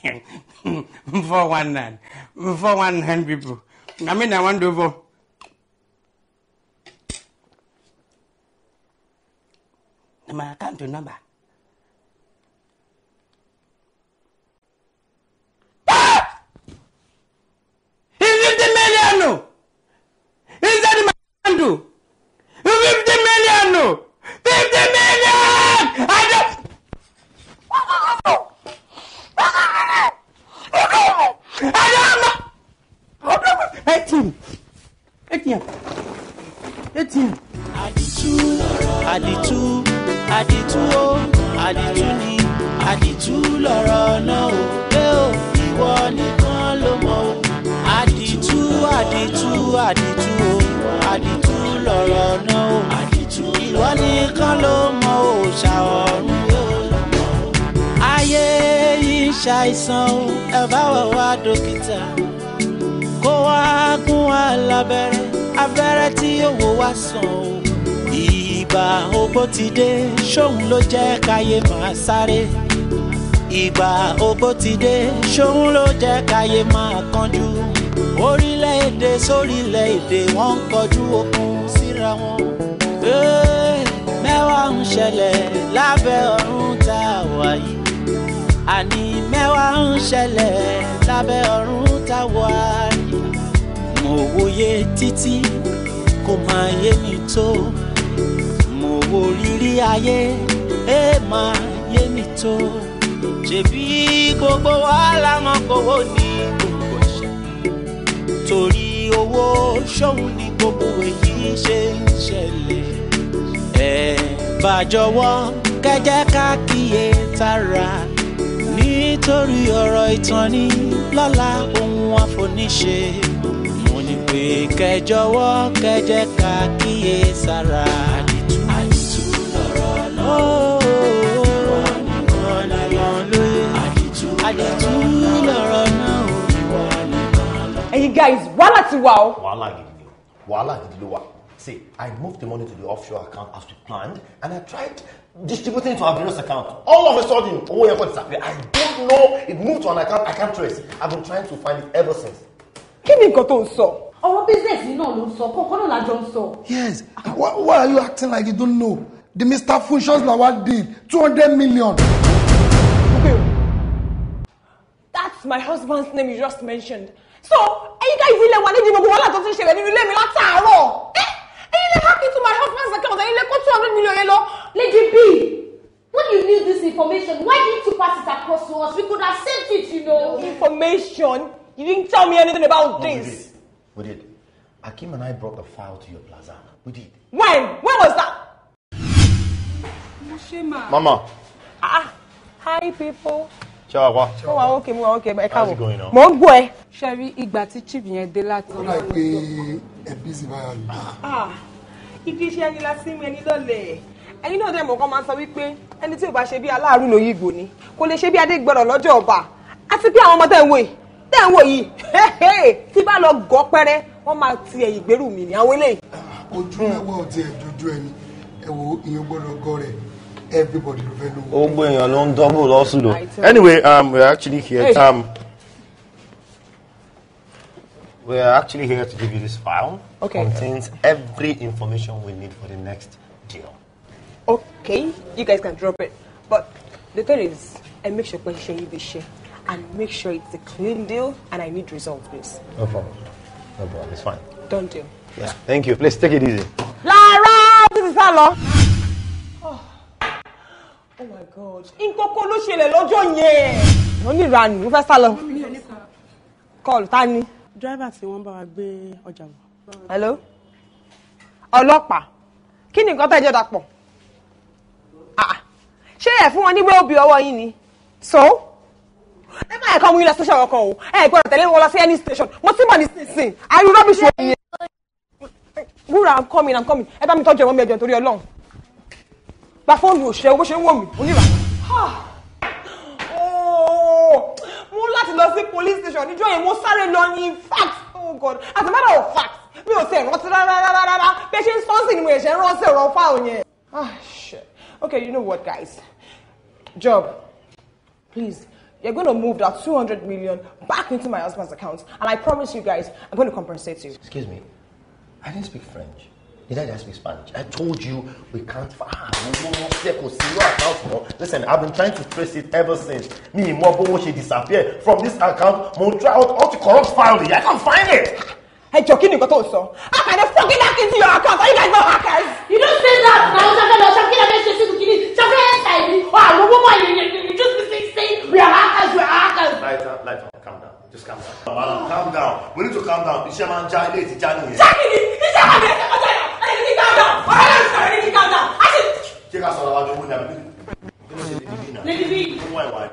four one nine four one nine people na me na wan do for. my account number. Ah! Fifty million no. Inside my account. Fifty million no. Fifty million. I don't. ti dé ṣóun ló jẹ́ káyé máa sáré ìgbà ògbó ti dé ṣóun ló jẹ́ káyé máa kánjú orílẹ̀-èdè sórílẹ̀-èdè wọ́n ń kọjú okùn síra wọn. mẹ́wàá ń ṣẹlẹ̀ lábẹ́ ọ̀run tá a wà yìí àní mẹ́wàá ń ṣẹlẹ̀ lábẹ́ ọ̀run tá a wà yìí mo wòye títí kò máa yé mi tó wo rírí ayé ẹ e máa yé mi tó ṣèbí gbogbo wàhálà wọn kò wò ní gbogbo ṣe torí owó ṣòun ni gbogbo èyí ṣe ń ṣẹlẹ̀ ẹ bá jọ̀wọ́ kẹjẹ ká tara nítorí ọ̀rọ̀ ìtọ́ni lọ́la ohun àfoníṣe mo ní pé kẹjọ̀wọ́ kẹjẹ ká sára ẹ̀yin guys wàhálà ti wà o. wàhálà gidi ni o wàhálà gidi ló wà see i moved the money to the offshore account as we planned and i tried distributing it to our various accounts all of a sudden owó yẹn kò disappear i don't know it moved to an account i can't trace i've been trying to find it ever since. kí ni nǹkan tó ń sọ. ọ̀rọ̀ business yìí náà ló ń sọ kókó náà lájọ ń sọ. yes why, why are you acting like you don't know the Mr. Functions Lawal did, hundred million. Okay. That's my husband's name you just mentioned. So, ẹ̀yin guys ilé wa nídìí gbogbo wàhálà tó ti ń ṣẹlẹ̀ nínú ilé mi látàárọ̀. Eh? Ẹ̀yin lè hack into my husband's account, ẹ̀yin lè two hundred million yẹn lọ. Lady B, when you need this information, why didn't you pass it across to us? We could have sent it, you know. Information? You didn't tell me anything about no, this. We did. we did. Akim and I brought the file to your plaza. We did. When? When was that? mama. Ah, ah hi people. ṣé wàá Oh, okay, okay. ókè mo wà ókè ẹ káàbọ̀ mò ń gbọ́ ẹ. ṣe rí ìgbà tí chief yẹn dé láti. ó láì pé ẹ bísí báyà lò. ibi iṣẹ́ ẹni la sí mi ẹni lọ́lẹ̀ ẹni náà dẹ̀ mọ̀ kán máa ń sọ wípé ẹni tí ò bá ṣe bí aláàrú ló yí ìgbò ni kò lè ṣe bí adé gbọ́dọ̀ lọ́jọ́ ọba àti bí àwọn ọmọ tẹ̀ ń wò we. tẹ̀ ń wò yìí tí bá lọ gọ́ pẹ́rẹ́ wọ́n máa ti ẹ̀yìn gbèrú mi ní àwọn eléyìí. Ah, ojú ẹwà ò tiẹ̀ dojú ẹni ẹ̀wò ìyẹn gbọ́dọ̀ gọ́ rẹ̀ everybody ló fẹ́ lówó. ó double lọ́sùn lò anyway um, we are actually here hey. um, we are actually here to give you this file. okay contains every information we need for the next deal. okay you guys can drop it but the thing is I make sure pé ṣe yìí share, and make sure it's a clean deal and I need results please. no problem no problem it's fine. Don't do. Yeah, thank you please take it easy. Lara, this is Hello. Oh oh my god nkókó ló ṣẹlẹ̀ lọ́jọ́ yẹn. mo ní ìranù mo fẹ́ sá lọ kọlù ta ni. dírẹ́bà tí wọ́n bá wa gbé ọjà wọ̀. hello ọlọ́pàá kí ni nǹkan tẹ́jọ́ dàpọ̀ ah, ah. ṣé ẹ̀ fún wọn nígbà òbí ọwọ́ yín ni so ẹ má ẹ̀kọ́ mú yín lọ station ọkọ̀ o ẹ gbọ́dọ̀ tẹ̀lé wọn lọ sí any station mo ti mọ̀ ní sísìn àyùrọ̀ bí ṣe wúrà i'm coming i'm coming ẹ bá mi tọ́jú ẹ̀wọ̀n mi ẹ̀jọ̀ nítorí ọlọ́run gba fóònù òṣèlú bó ṣe ń wò mí oníra mo láti lọ sí police station níjọ́ yẹn mo sáré lọ ní fact oh god as a matter of fact mi ò tẹ̀ rántí rárárárá bẹ́ẹ̀ ṣe ń sọ́ọ̀sì ni mo ẹ̀ṣẹ̀ ń rántí ọ̀rọ̀ fáwọn yẹn. ah shit okay you know what guys job please you're going to move that two hundred million back into my husband's account and i promise you guys i'm going to compensate you. excuse me i didn't speak french. Did I just me, Spanish? I told you we can't ah listen I've been trying to trace it ever since mi mọ bówó ṣe disappear from this account mo try out how to corrupt file I can't find it. Ẹ jọ kí ni nǹkan How can I fucking hack into your account? Are you guys not hackers? You don't say that na o ṣàkẹ́ lọ ṣàkẹ́ lọ ṣe síbi kìíní ṣàkẹ́ ẹ̀ ṣàìbí. Wà á lówó mọ̀ yẹn you just be saying we are hackers we are hackers. Lighter, lighter. Just calm down. Madam, calm down. We need to calm down. man Iṣẹ́ máa ń já ilé ìtìjà nìyẹn. Iṣẹ́ mi ni iṣẹ́ máa bẹ̀rẹ̀ ṣe ọjọ́ yẹn. Ẹni ti calm down. Ọ̀rẹ́ mi sọ̀rọ̀ ẹni ti calm down. A ṣe. Ṣé ká sọ̀rọ̀ àwájú owó ni àbí? Kí ló ṣe lè dìbì náà? Lè dìbì. Ó wọ́n ìwà ni.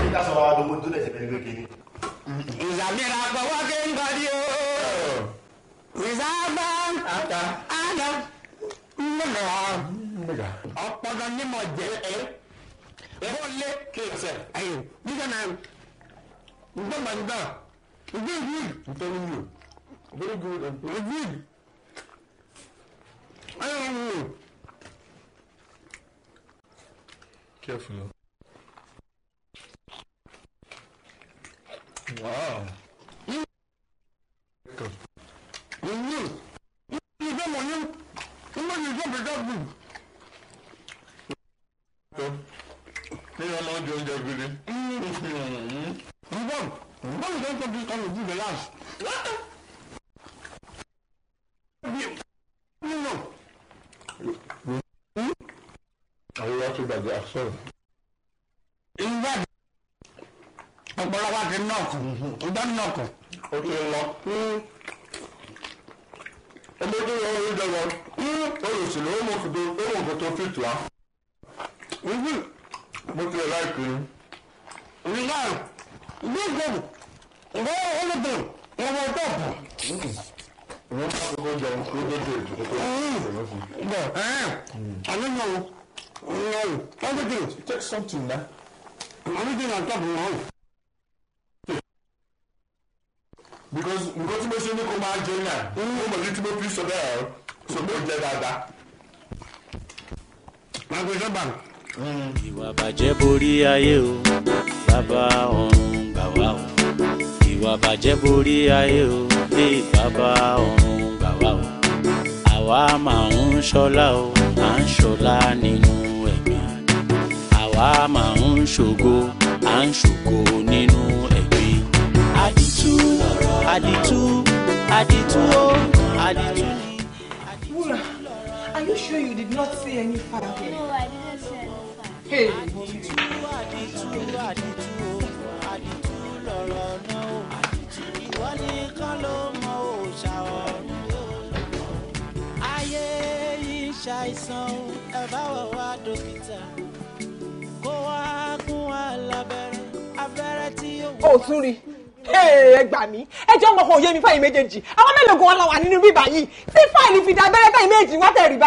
Ṣé ká sọ̀rọ̀ àwájú owó tó lẹ̀ ṣe bẹ̀rẹ̀ gbé kiri? Ìzàmìlà kọ̀ wá kí n kọ́dí o. Ìzàmà àná mẹ́gà. Ọ̀pọ̀ 이건 맛이다. 이건 육. 이건 육. Very good. Very good. I love you. Careful. Wow. Sure.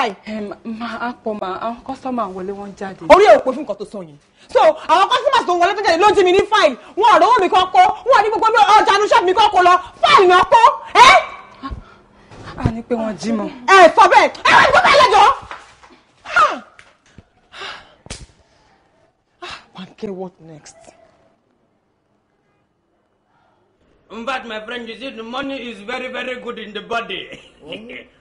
báyìí. ẹ máa pọ̀ máa àwọn kọ́sọ́mà wọlé wọn jáde. orí ẹ̀ ò pé fún nǹkan tó sọ yẹn. so àwọn kọ́sọ́mà tó wọlé tó jáde ló ti mi ní fáìlì wọn ò rówó mi kọ́ kó wọn ò ní gbogbo ọjà inú ṣọ́ọ̀bù mi kọ́ kó lọ fáìlì náà kó. ẹ a ní pé wọ́n jí mọ́. ẹ sọ bẹ́ẹ̀ ẹ wá gbọ́dọ̀ ẹlẹ́jọ́. Panke, what next? But my friend, you see, the money is very, very good in the body. Mm.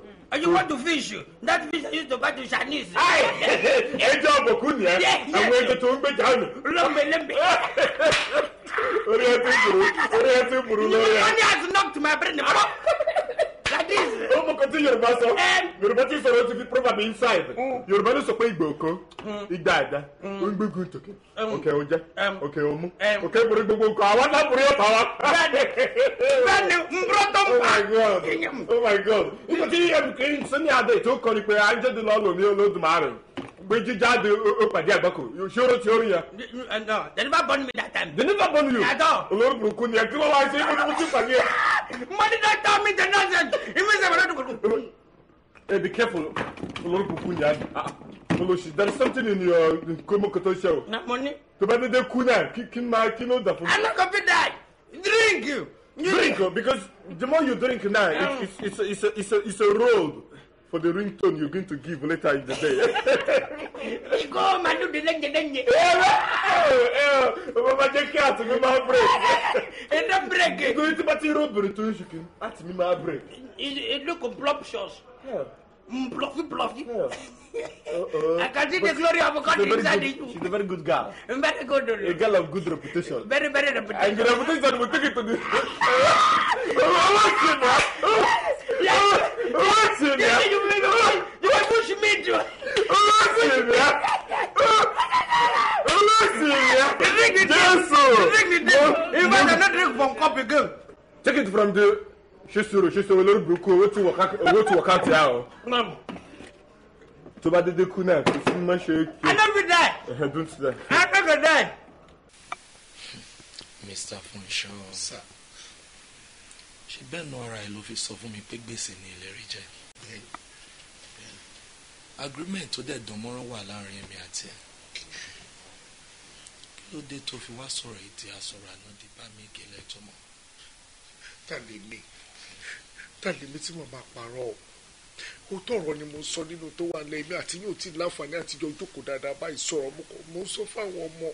Oh, you want to fish that fish I used to buy to Chinese. ayi ẹja ọbọkú ni ẹ àwọn ẹja tó ń gbé jáde. lọ́mọ lẹ́mọ. orí ẹ ti burú orí ẹ ti burú lórí ẹ. you Money has knocked my brain. ó mọ̀ kó tí yorùbá sọ yorùbá ti sọ̀rọ̀ ti fi proverb inside mm. yorùbá ló sọ pé ìgbà òkan mm. ìgbà àdá onígbègùn mm. tòkè òkè oúnjẹ òkè òmú òkè ìbòrí gbogbo nǹkan àwọn alábòrí ọ̀pá wa. bẹ́ẹ̀ni nbúrọtọ mpa. oh my god oh nǹkan tí ẹnì kìí sọ ní adé tó kọ ni pé à ń jẹ́ di lọ́ọ̀lù mi olódùmarè gbẹ́jú jáde ó pàdé àgbákò ṣòro tí ó ya. they never born me that time. they never born you. olórí burúkú ni ẹ kí wá ṣe é kó pàdé ẹ. money don tell me the nonsense even if i ẹ be careful olórí burúkú ni a ah, olùsí there is something in your kòmókòtò ṣe o. na mo ní. tó bá dédé kú náà kí kí máa kí ló dà fún mi. i no go die drink. You drink because the more you drink now it's it's it's a it's a it's a road for the ringtone you're going to give later in the day. Go, man, do the leg, the leg. Mama, take care to me, my break. And not Go into party road, but to you, you can. That's me, my It look of Yeah bluffy, bluffy. I can see the glory of God inside good, you. She's a very good girl. Very good. A girl of good reputation. Very, very reputation. And the reputation will take it to the... You push me to... Drink it, Jesus! Drink it, Even I not drink from cup again. Take it from the ṣíṣòro ṣíṣòro olórí burúkú owó tí wọ́n káàtì á o. tó bá dédé kú náà kò sí mọ́ ṣe é kí. I don't be die. don't die. I don't go die. Mr. Funsho ṣe bẹ́ẹ̀ nu ara ẹ̀ ló fi sọ fún mi pé gbèsè ni ìlérí jẹ́ agreement tó dẹ̀ dán mọ́rán wà láàrin èmi àti ẹ̀ kí ló dé tó fi wá sọ̀rọ̀ èdè àsọ̀rọ̀ àná di bá mi gẹ́lẹ́ tó mọ́. tàbí mi tẹ̀lé mi tí mo máa parọ́ o òótọ́ ọ̀rọ̀ ni mo sọ nínú tó wà lẹ́yìn àti yóò ti láǹfààní àtijọ́ jókòó dáadáa báyìí sọ̀rọ̀ mo ń sọ fáwọn ọmọ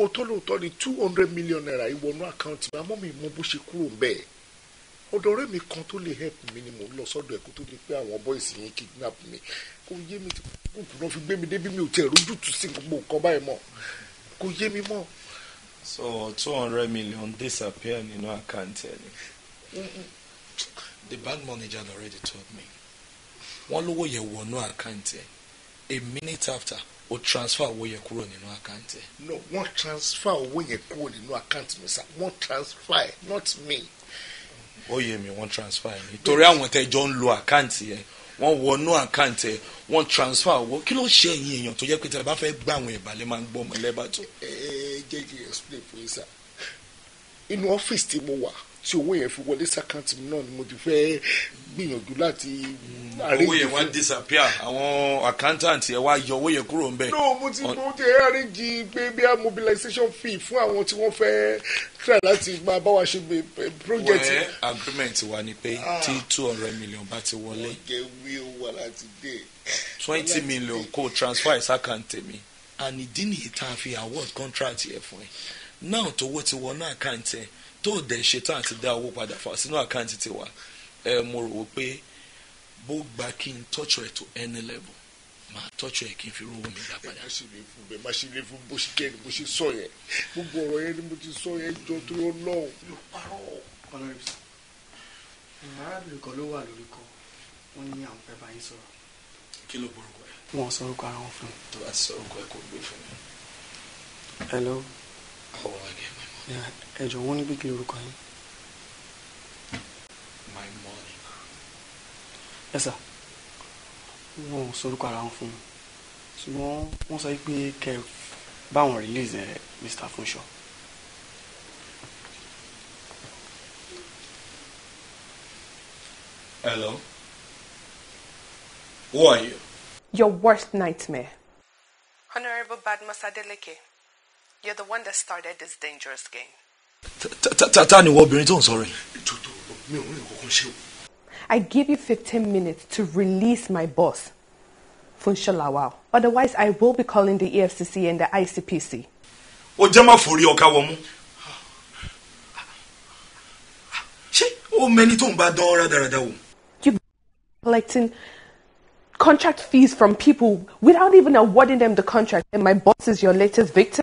òótọ́ lóòótọ́ ni two hundred million naira ìwọnú àkáǹtì mi àmọ́ mi mọ bó ṣe kúrò bẹ́ẹ̀ ọ̀dọ̀ ọ̀rẹ́ mi kan tó lè help mi ni mo lọ sọ́dọ̀ ẹ̀kú tó lè pé àwọn boys yẹn kidnap mi kò yé mi tí kókò náà fi gbé mi débi mi ò tẹ̀ rójútùú sí gbogbo nǹkan báyìí mọ́ kò yé mi mọ́. so two hundred million disappear nínú àkáǹtì ẹ̀ the bank manager had already told me wọ́n lówó yẹ wọnú àkáǹtì ẹ̀ a minute after o transfer owó yẹn kúrò nínú àkáǹtì ẹ̀. no wọ́n transfer owó yẹn kúrò nínú àkáǹtì mi sir wọ́n transfer ẹ̀ not me. ó yẹ mi wọ́n transfer ẹ̀ nítorí àwọn tẹ́jọ́ ń lo àkáǹtì ẹ̀ wọ́n wọnú àkáǹtì ẹ̀ wọ́n transfer owó kí ló ṣe ẹ̀yin èèyàn tó jẹ́ pé tẹ́lẹ̀ bá fẹ́ gbà àwọn ìbàlẹ̀ máa ń gbọ́ ọmọ ẹlẹ́bàá tó. ẹ eh, ẹ eh, jẹ́ kí n explain for yín sir inú ọ́fíìsì tí mo wà tí owó yẹn fi wọlé sàkáǹtì mi náà ni mo ti fẹ́ gbìyànjú láti. owó yẹn wá disappear àwọn accountant yẹn wá yọ owó yẹn kúrò ńbẹ̀. no mo ti mo ti arrange pé bí a mobilization fee fún àwọn tí wọ́n fẹ́ try láti máa bá wa ṣe eh, project. wẹ́ẹ́ agreement wa ni pé ah. tí two hundred million bá ti wọlé. wọ́n jẹ́ wíwọ́ wa láti dé. twenty million kò transfer ìsàkáǹtì mi and ìdí nìyí tá a fi award contract yẹn fún ẹ náà tówó ti wọnú àkáǹtì ẹ tó dẹ̀ ṣetán àti dá owó padà fa sínú àkáǹtì tiwa ẹ mo rò pé bó gba kí n tọ́jú ẹ̀ tó any level máa tọ́jú ẹ̀ kí n fi rówó mi gbà padà. má ṣe lè fún bẹ́ẹ̀ má ṣe lè fún bó ṣe kẹ́ni bó ṣe sọ yẹn gbogbo ọ̀rọ̀ yẹn ni mo ti sọ yẹn jọ torí ọlọ́run. mi arábìnrin kan ló wà lórí kọ wọn ní àwọn fẹ́ bá yín kí ló borúkọ ẹ. wọn sọ orúkọ ara wọn fún mi. tó bá ti sọ orúkọ ẹ kò gbé fún mi. hello. àwọn ọmọ ẹgbẹ́ mi ẹ jọ̀ọ́ wọ́n ní pé kí lorúkọ yín. my money. ẹ sà wọn ò sorúkọ ara wọn fún mi ṣùgbọ́n wọ́n sọ pé kẹ báwọn release ẹ Mr. Funsho. hello who are you. your worst nightmare. Honourable Badmus Adeleke. You're the one that started this dangerous game. Ta ni wo obìnrin tó ń sọ̀rọ̀ yìí. Ìjọ́tọ̀ mi ò rí nǹkan ṣe o. I give you fifteen minutes to release my boss, Funshalawa. Otherwise, I will be calling the EFCC and the ICPC. Ó jẹ́ má forí ọ̀ka wọ̀ mú. Ṣé o mẹni tó ń bá dán rádaràda wò? You collecting contract fees from people without even awarding them the contract and my boss is your latest victim?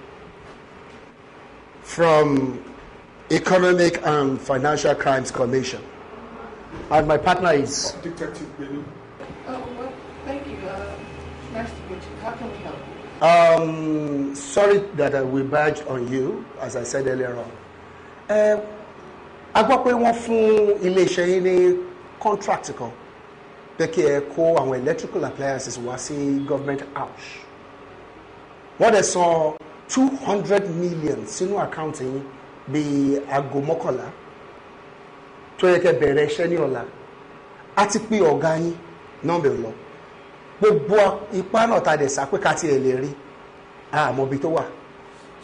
from Economic and Financial Crimes Commission. And my partner is. Detective Benny. Oh, well, thank you. Uh, nice to meet you. How can we help you? Um, sorry that uh, we barged on you, as I said earlier on. Uh, a gbọ́ pé wọ́n fún iléeṣẹ́ yín ní contract kan pé kí ẹ kó àwọn electrical appliances wá sí government house. Wọ́n dẹ̀ sọ two hundred million Sinu àkáǹtì yín bíi aago mọ́kànlá tó yẹ kẹ́ bẹ̀rẹ̀ iṣẹ́ ní ọ̀la a ti pe ọ̀gá yín nọ́ọ̀bì lọ gbogbo ipá náà ta dẹ̀ sá pé ká tiẹ̀ lè rí àmọ́ ibi tó wà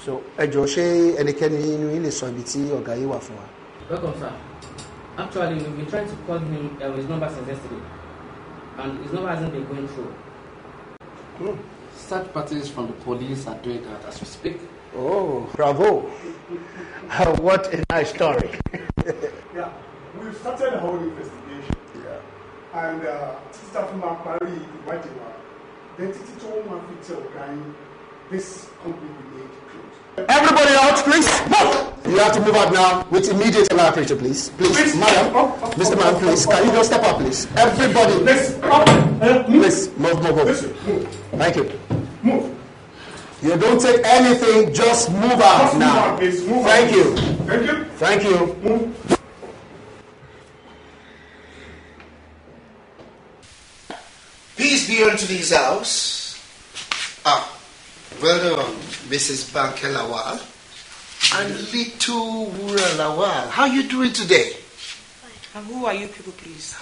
so ẹ jọ ṣé ẹnikẹ́ni inú yín lè sọ ibi tí ọ̀gá yín wà fún wa. welcome sir actually we been trying to call him uh, his number since yesterday and his number hasn't been going through. Hmm. search parties from the police are doing that as we speak. Oh, bravo! Uh, what a nice story. yeah, we've started a whole investigation. Yeah. And uh, Sister Fuma Pari the then Titi Toma Fitzel guy this company we need closed. Everybody out, please! Move! You have to move out now with immediate evacuation, please. Please, please. madam, oh, oh, Mr. Oh, man, please, can you just step up, please? Everybody, please, please move, move, move. Thank you. Move. You don't take anything, just move out just now. out, please. Move Thank out, you. Thank you. Thank you. Move. Peace be unto this house. Ah, well done, Mrs. Bankelawal and little Wura Lawal. How you doing today? And who are you people, please?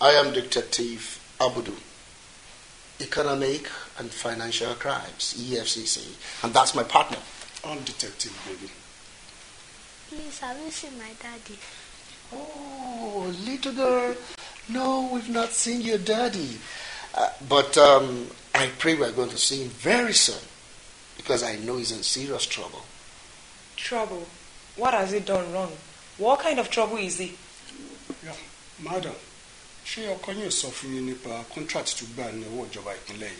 I am Detective Abudu, economic and Financial Crimes, EFCC. And that's my partner on Detective Baby. Please, have you seen my daddy? Oh, little girl. No, we've not seen your daddy. Uh, but um, I pray we're going to see him very soon because I know he's in serious trouble. Trouble? What has he done wrong? What kind of trouble is he? Yeah, madam, she ọkọ yín sọ fún contract tó the ní job I can lay.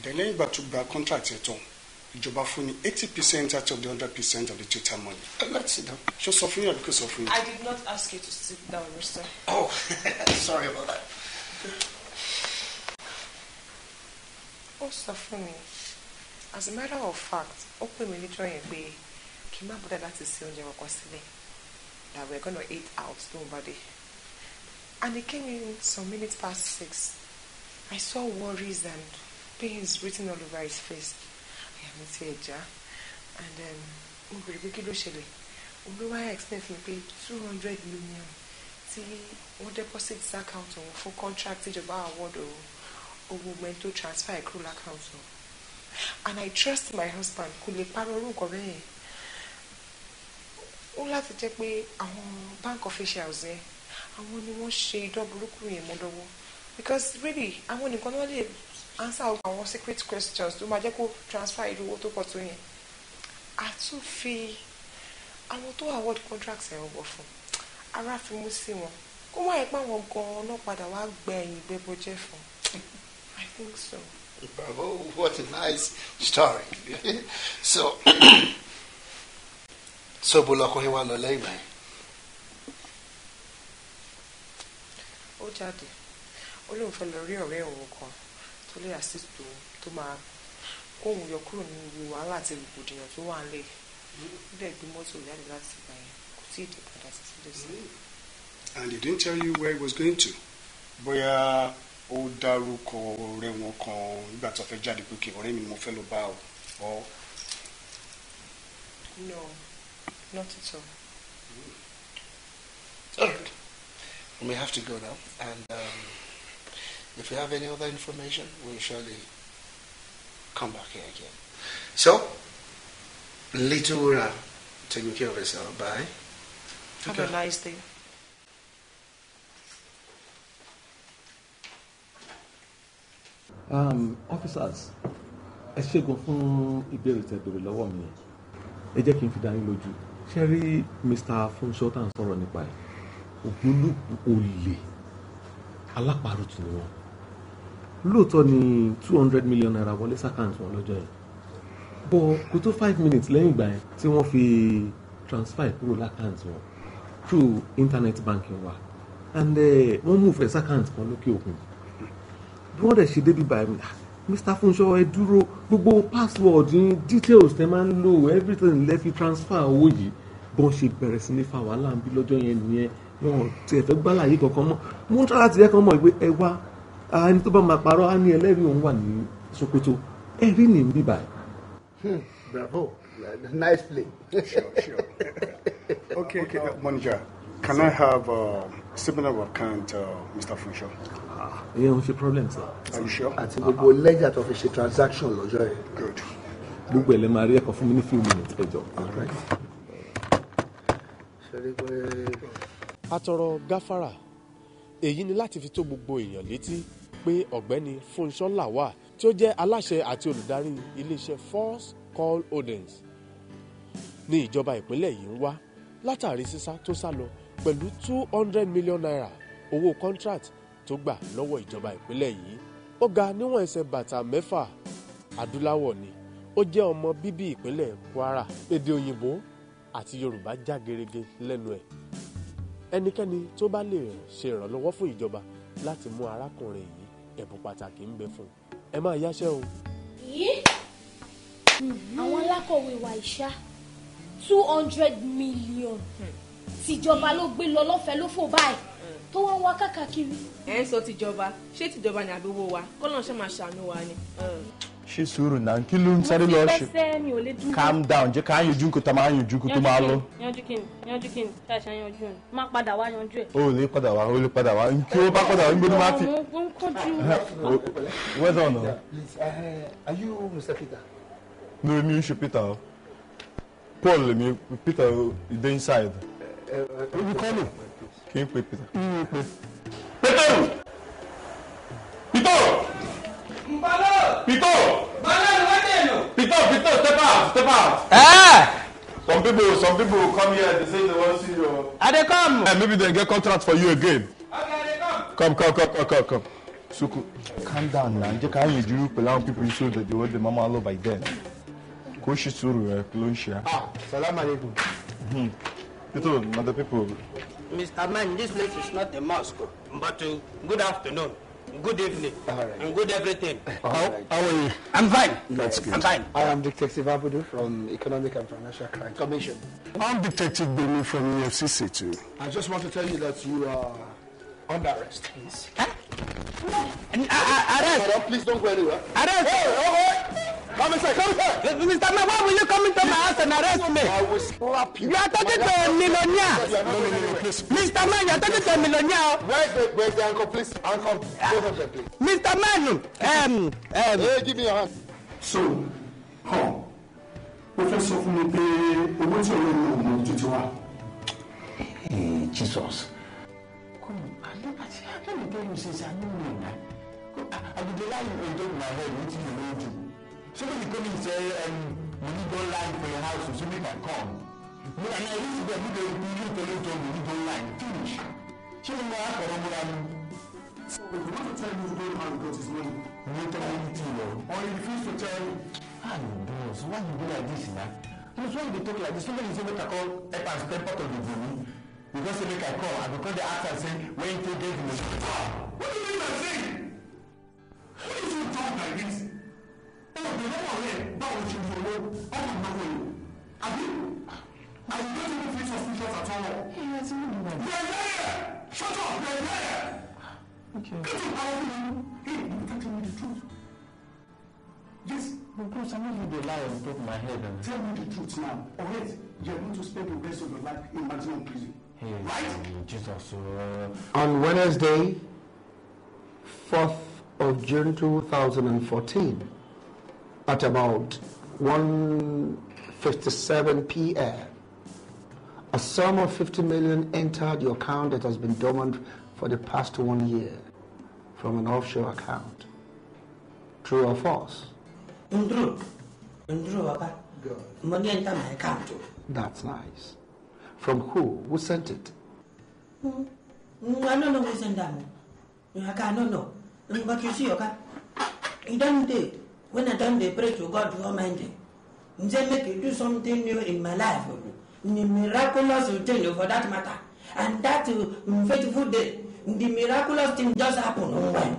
then lẹ́yìn ìgbà tó gba contract ẹ̀ tán ìjọba fún ni eighty percent out of the hundred percent of the total money. let's sit down. ṣé sọ fún yín àbí kò sọ fún yín. I did not ask you to sit down Mr. oh sorry about that. ó sọ fún mi as a matter of fact ó pè mí níjọ́ yẹn pé kí n má bọ́dà láti ṣe oúnjẹ wọn sílẹ̀ that we are gonna eat out lóun bá and he came in some minutes past six I saw worries and pains written all over his face I àyà mi ti ẹ̀já and then bèrè pé kí ló ṣẹlẹ̀ olúwa explain expect me pay two hundred million See, wọ́n deposit account òun fún contract ìjọba award òun owó mẹ́tò transfer kúrò account òun and I trust my husband kò lè parọ́ orú nǹkan bẹ́ẹ̀ ó láti jẹ́ pé àwọn bank officials yẹn àwọn ni wọ́n ṣe idán burúkú yẹn mọ́ lọ́wọ́ because really àwọn nìkan náà lè answer àwọn secret questions tó máa jẹ́ kó transfer irú owó tó pọ̀ tó yẹn a tún fi àwọn tó award contracts ẹ̀ wọ̀ fún ara fi mú sí wọn kó má yẹ pé àwọn gan-an náà padà wá gbẹ̀yìn gbẹ́bọjẹ́ fún I think so. Bravo, what a nice story. so so bọ́lọ́kùnrin wa lọ lẹ́yìn báyìí. ó jáde ó lóun fẹ́ lọ rí ọ̀rẹ́ òun kan tó lè tó máa kóhun yọ kúrò nínú gbogbo wàhálà àti rògbòdìyàn tó wà nílẹ̀ níbẹ̀ gbé mọ́tò jáde láti ìgbà yẹn kò tí ì dé padà títí dé sí. and he didn't tell you where he was going to bóyá ó dárúkọ ọ̀rẹ́ wọn kan nígbà tó fẹ́ jáde pé kí ọ̀rẹ́ mi ni mo fẹ́ lọ bá ọ. no not at all. Mm. all right. we have to go now and. Um, If you have any other information, we'll surely come back here again. So, little uh, taking care of yourself. Bye. Have okay. a nice day. Um, officers, ẹ ṣẹ́gun fún ìbéèrè tẹ́ béèrè lọ́wọ́ mi yẹn. Ẹ jẹ́ kí n fi dá yín lójú. Ṣé rí Mr. Funṣọ́ sọ̀rọ̀ nípa ẹ̀? Ògbólógbòó olè alápàrọ̀tù ni wọ́n lóòótọ́ ni two hundred million naira wọlé sàkáǹtì wọn lọ́jọ́ yẹn bọ̀ kó tó five minutes lẹ́yìn ìgbà yẹn tí wọ́n fi transfer kúrò lákàǹtì wọn through internet banking wa and eh, wọ́n mú ìfẹ́ sàkáǹtì kan lókè òkun bí wọ́n dẹ̀ ṣe débi báyìí Mr. Funsho ẹ dúró gbogbo password yín details tẹ máa ń lò everything lẹ fi transfer owó yìí bọ́n ṣe bẹ̀rẹ̀ sí ní fa wàhálà ń bí lọ́jọ́ yẹn nìyẹn wọn ò tiẹ̀ fẹ́ gbálàyé kankan mọ́ mo ń tọ́ láti rẹ́kàn mọ́ ìgbé ẹ wá ẹni tó bá máa parọ́ á ní ẹlẹ́rìí òun wà ní Sokoto ẹ̀rí ni mi báyìí. Hmm, bravo nice play. sure sure okay uh, okay manager can i have uh, similar account uh, mr funsho. Ah, ìyẹn ò ṣe problem sir. are you sure. àti gbogbo ah, ah. lẹ́jà tó fi ṣe transaction lọ́jọ́ yẹn. good. gbogbo ẹ̀ lẹ́ máa rí ẹ̀kọ́ fún mi ní few minutes ẹjọ́. a tọrọ gáfárà èyí ni láti fi tó gbogbo èèyàn létí pé ọ̀gbẹ́ni Fúnṣọ́ Lawal tí ó jẹ́ aláṣẹ àti olùdarí iléeṣẹ́ First Call Holdings ní ìjọba ìpínlẹ̀ yìí ń wá látàrí sísá tó sá lọ pẹ̀lú two hundred million naira owó contract tó gbà lọ́wọ́ ìjọba ìpínlẹ̀ yìí ó ga níwọ̀n ẹsẹ̀ bàtà mẹ́fà adúláwọ̀ ni ó jẹ́ ọmọ bíbí ìpínlẹ̀ Kwara èdè òyìnbó àti Yorùbá já gerege lẹ́nu ẹ̀ ẹnikẹ́ni tó bá lè ṣèrànlọ́wọ́ fún ìjọba láti mú arákùnrin yìí ẹ̀bùn pàtàkì ń bẹ fún un ẹ máa yáṣẹ́ o. àwọn alákọ̀wé wa ìṣá two hundred million tìjọba ló gbé lọ lọ́fẹ̀ẹ́ ló fò báyìí tó wá wá káàkiri. ẹ ń sọ tìjọba ṣé tìjọba ni àbí owó wa kọ́ńtà ṣe máa ṣàánú wa ni ṣe sùúrù náà kí ló ń sáré lọ ṣe calm down jẹ́ ká yanjú nǹkan tá a máa yanjú kó tó máa lọ. yanjú kí ni yanjú kí ni yanjú ni má padà wá yanjú ẹ. o lè padà wá o lè padà wá nkí o bá padà wá nígbóni máa fi. well done o. you Mr. Peter. no ṣe Peter o Paul mi Peter e dey inside. ebi uh, uh, kọ́ lò. kí n pe Peter. Peter. Peter. Pito. Pito, Pito, step out, step out. Eh? Some people, some people will come here they say they want to see you. Are they come. And eh, maybe they get contract for you again. Okay, they come. Come, come, come, come, come, come. Suku, calm down man. Jẹ́ can't yẹn dúró pẹ̀lú people. people so that they want the mama lọ by then. Kó ṣe sùúrù ẹ̀ ló ń ṣe. Ah, salam alaikum. Hmm. Pito, na people. Mr. Man, this place is not a mosque, but uh, good afternoon. Good evening. All right. And good everything. how, right. how are you? I'm fine. That's good. I'm fine. I am Detective Abudu from Economic and Financial Crime Commission. I'm Detective Bimi from EFCC too. I just want to tell you that you are under arrest. Please. Huh? No. Uh, arrest. Please don't go anywhere. Arrest. Hey, oh, oh. Come inside, come inside. Mr. Man, why will you come into my house and arrest me? I will slap you. You are talking to a millionaire. Mr. Man, you are talking to a millionaire. Where's the, where's the uncle, please? Uncle, both of them, please. Mr. Man, um, um. Hey, give me your hand. So, huh? Mo fẹ́ sọ fún mi pé owó tí ọ̀rẹ́ mi ò mọ eh, Jesus. Come on, I never see, I tell you since I know you. I be the lie you don't know my head, you think you know you somebody come in say um, we need one line for your house so make i come mo na na elizabeth mo dey do you tell me to we need one line finish ṣé mo máa kọ̀ ọ́nbọ́ra mi. so if you want to tell me you don't have got his money. you no tell me anything o. or you refuse to tell. ah no boss why you do like this na. no so why you dey talk like this somebody say make i call help am spend part of the money because say make i call i go call the actor say when he take get the money. Ah, what do you mean by saying? Why if you talk like this obìnrin lọ́wọ́ rẹ̀ báwo ṣe di owó ọmọ ìnáwó yìí àbí àwùjọ tí mo fi sọ fún ṣọ́ọ̀tà tọ́lọ̀. ẹyẹ tí mo dùn bọ̀. lẹ́yẹ ṣọ́tọ̀ lẹ́yẹ. kẹ́tù àwọn obìnrin hey you can't tell me the truth. yes. because I know you dey lie on top my head. tell me the truth now or else you are going to spend the rest of your life in maximum prison. right? Jesus. On Wednesday, 4th of June 2014, at about 1.57 p.m., a sum of 50 million entered your account that has been dormant for the past one year from an offshore account. True or false? True. Papa. Money entered my account. Oh. That's nice. From who? Who sent it? Hmm. Hmm, I don't know who sent that. Oh. I don't know. Hmm, but you see, okay? It done did. When I done the pray to God Almighty, They make you do something new in my life, the miraculous thing for that matter. And that uh, faithful day, the miraculous thing just happened. Mm.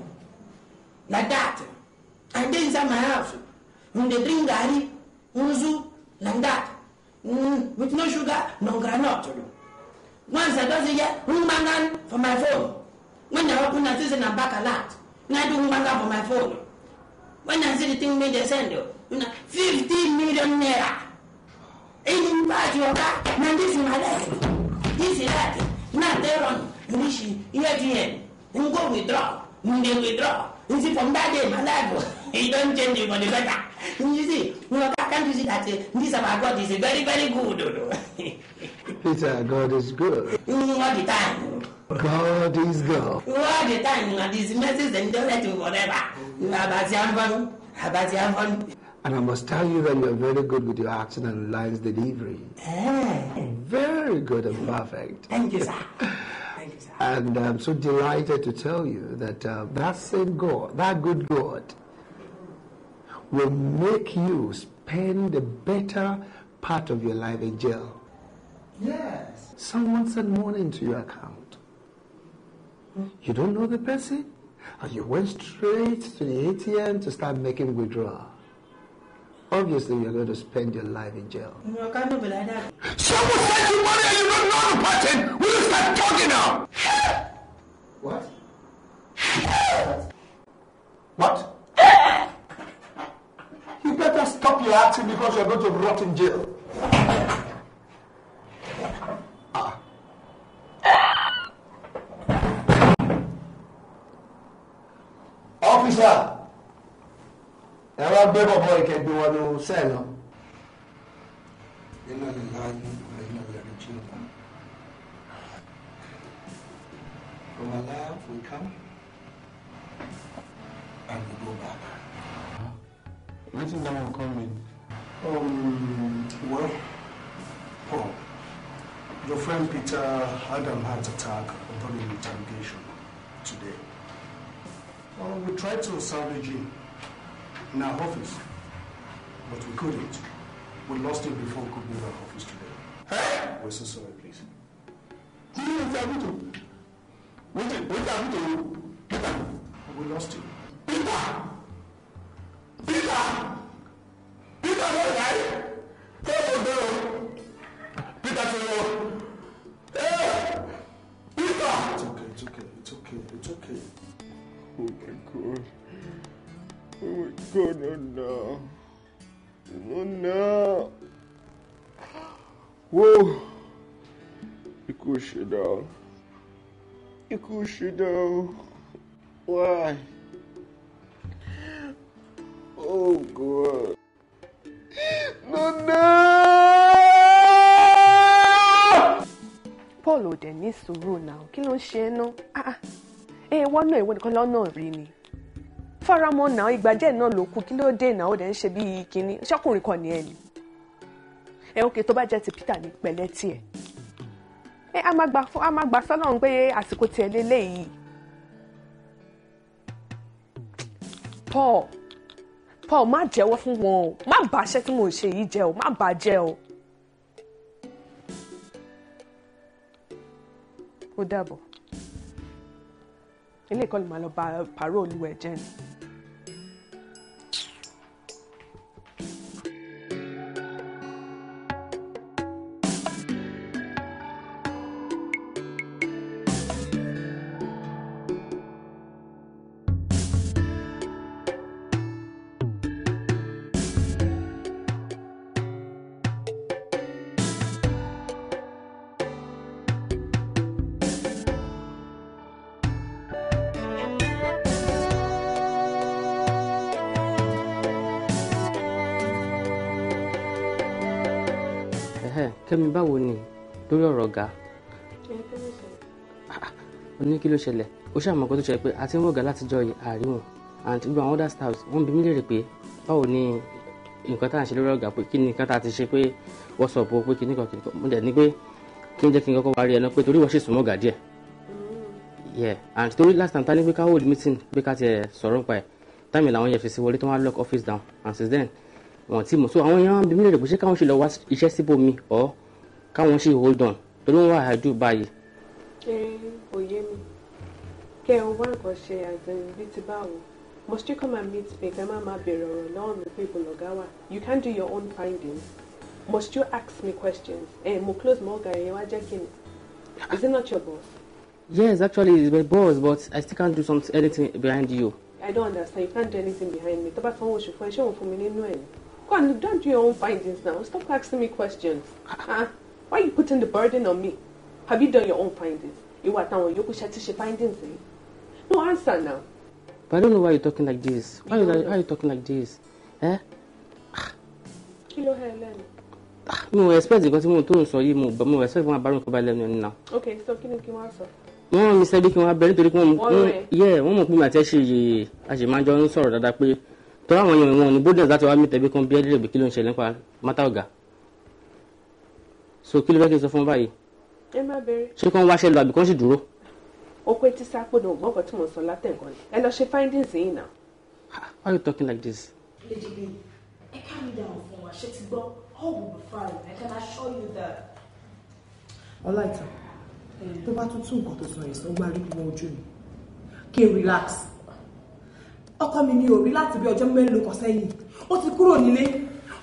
Like that. And then inside my house, when they drink gari, unzu, like that. Mm, with no sugar, no granite. Once I does it here, umbangan for my phone. When I open, I see in a back a lot. Now I do umbangan for my phone. wannan siritin mai da sando una 50 million naira ilin ba ti o ka na disi ma lati disi lati na teron rishi iye n go withdraw n dey withdraw n see from that day my life e don change for the better you see una ka can't you see that this our god is very very good Peter, God is good. All the time. God is God. All the time. And his message to forever. And I must tell you that you're very good with your accent and lines delivery. Hey. Eh. Very good and perfect. Thank you, sir. Thank you, sir. And I'm so delighted to tell you that uh, that same God, that good God, will make you spend the better part of your life in jail. Yes. Someone sent money into your account. You don't know the person? And you went straight to the ATM to start making withdrawal. Obviously, you're going to spend your life in jail. like that. Someone sent you money and you don't know the person. Will you start talking now? What? What? You better stop your acting because you're going to rot in jail. gbé wọnú sẹ́ẹ̀ lọ. iná lè láàyè àyínà lẹ́rìí tí ó bá from Allah we come and we go back. Huh? Wetin that one come mean? Um, well, Paul, your friend Peter Adam had an heart attack during interrogation today. Well, we tried to salvage him in our office. But we couldn't. We lost him before we could move our office today. Hey? We're so sorry, please. Who did you happen to? What did you happen to? Peter. We lost him. Peter! push Why? Oh God. No, no! Paul ò dẹ̀ ní sùúrù náà, kí ló ń ṣe é ná? Ah, ah. Ẹ wọ́n náà ìwọ nìkan lọ́nà rí ni. Faramọ́ náà ìgbàjẹ́ náà ló kú kí ló dé náà ó dẹ̀ ń ṣe bíi kínní. Ṣọ́kùnrin kan ni ẹ ni. Ẹ òkè tó bá jẹ́ ti Peter ní pẹ̀lẹ́ tiẹ̀ ẹ a máa gbà fún a máa gbà sọ́lọ́run pé àsìkò tiẹ̀ lélẹ́yìí. Paul Paul má jẹ́wọ́ fún wọn o má bà á ṣẹ́ tí mò ń ṣe yìí jẹ́ o má bà á jẹ́ o. ó dàbọ̀ ilé ìkọlù màá lọ bà parole ẹ̀ jẹ́ ni. kẹ́mi báwo ni lórí ọ̀rọ̀ ọ̀gá. ó ní kí ló ṣẹlẹ̀ ó ṣàmọ̀ kó tó ṣẹlẹ̀ pé a ti ń wọ̀gá látijọ́ yìí àárín wọn and gbogbo àwọn other staffs wọ́n bi mí léèrè pé báwo ni nǹkan tá à ń ṣe lórí ọ̀gá pé kí ni nǹkan tá a ti ṣe pé WhatsApp o pé kí ni kankan mo dẹ̀ ní pé kí n jẹ́ kí n kọ́kọ́ wá rí ẹ náà pé torí wọ́n ṣì súnmọ́ ọ̀gá díẹ̀ mm. yeah torí last time ta ni pé ká hold meeting pé ká tiẹ̀ sọ̀rọ̀ nípa ẹ̀ táìmì làwọn yẹn fi sí wọlé tó wá lock office down and since then wọn ti mọ̀ so àwọn èèyàn bí mi lè rè pé ṣé káwọn ṣe lọ wá iṣẹ́ síbò mi or káwọn sì hold on torí wọn wà àjò báyìí. ẹ òye mi kẹ ẹ wá nǹkan ṣe àjẹyìn bíi ti báwo must you come and meet me kẹ má máa bèrè ọ̀rọ̀ lọ́wọ́ mi pé ìbòlọ̀gá wà you can do your own findings must you ask me questions ẹ mo close mọ ọgá yẹn wá jẹ́ kí ni is it not your boss. yes actually it's my boss but i still can't do something anything behind you. i don't understand you can't do anything behind me tó bá sanwó oṣù fún ẹ ṣé òun fún mi nínú ẹ̀ ni. on, don't do your own findings now. Stop asking me questions. uh why are you putting the burden on me have you done your own findings ìwà àtàwọn yòókù ṣe ti ṣe findings yìí no answer now. but I don't know why you're talking like this why you, why you talking like this. Eh? kí ló hẹ́ lẹ́nu. Ah, mi ò expect nǹkan tí mo tó ń sọ yìí mo bọ mo expect wọn abárùn kó bá lẹ́nu ẹni náà. ok sọ kí ni kí wọ́n sọ. wọ́n rán mi sẹ́bí kí wọ́n abẹ nítorí pé wọ́n mọ̀ pé màtí ẹ̀ ṣe yè àṣemájọ ń sọ̀rọ̀ dáadáa pé tọ́lá àwọn èèyàn wọn ni bódìyàn láti wá mi tẹ̀bí kan bí ẹ́ lè bí kí ló ń ṣẹlẹ̀ nípa mátà ọ̀gá so kí ló fẹ́ kí n sọ fún wọn báyìí. ẹ má bẹ̀rẹ̀. ṣé kí wọ́n wáṣẹ́ lọ àbí kí sì dúró. ó pé tí sápò náà gbọ́n kan tí mo sọ látẹ̀kọ́ ni ẹ lọ ṣe findings yìí náà. why are you talking like this. lady b ẹ calm down fún wa ṣe ti gbọ́ all will be fine i can assure you that. ọlá ìtàn tó bá tún tún nǹkan tó sọ yìí sọ gbárí wọn ojú mi kí n relax ọkọ mi mi ò rí láti bí ọjọ́ mélòó kan sẹ́yìn ó ti kúrò nílé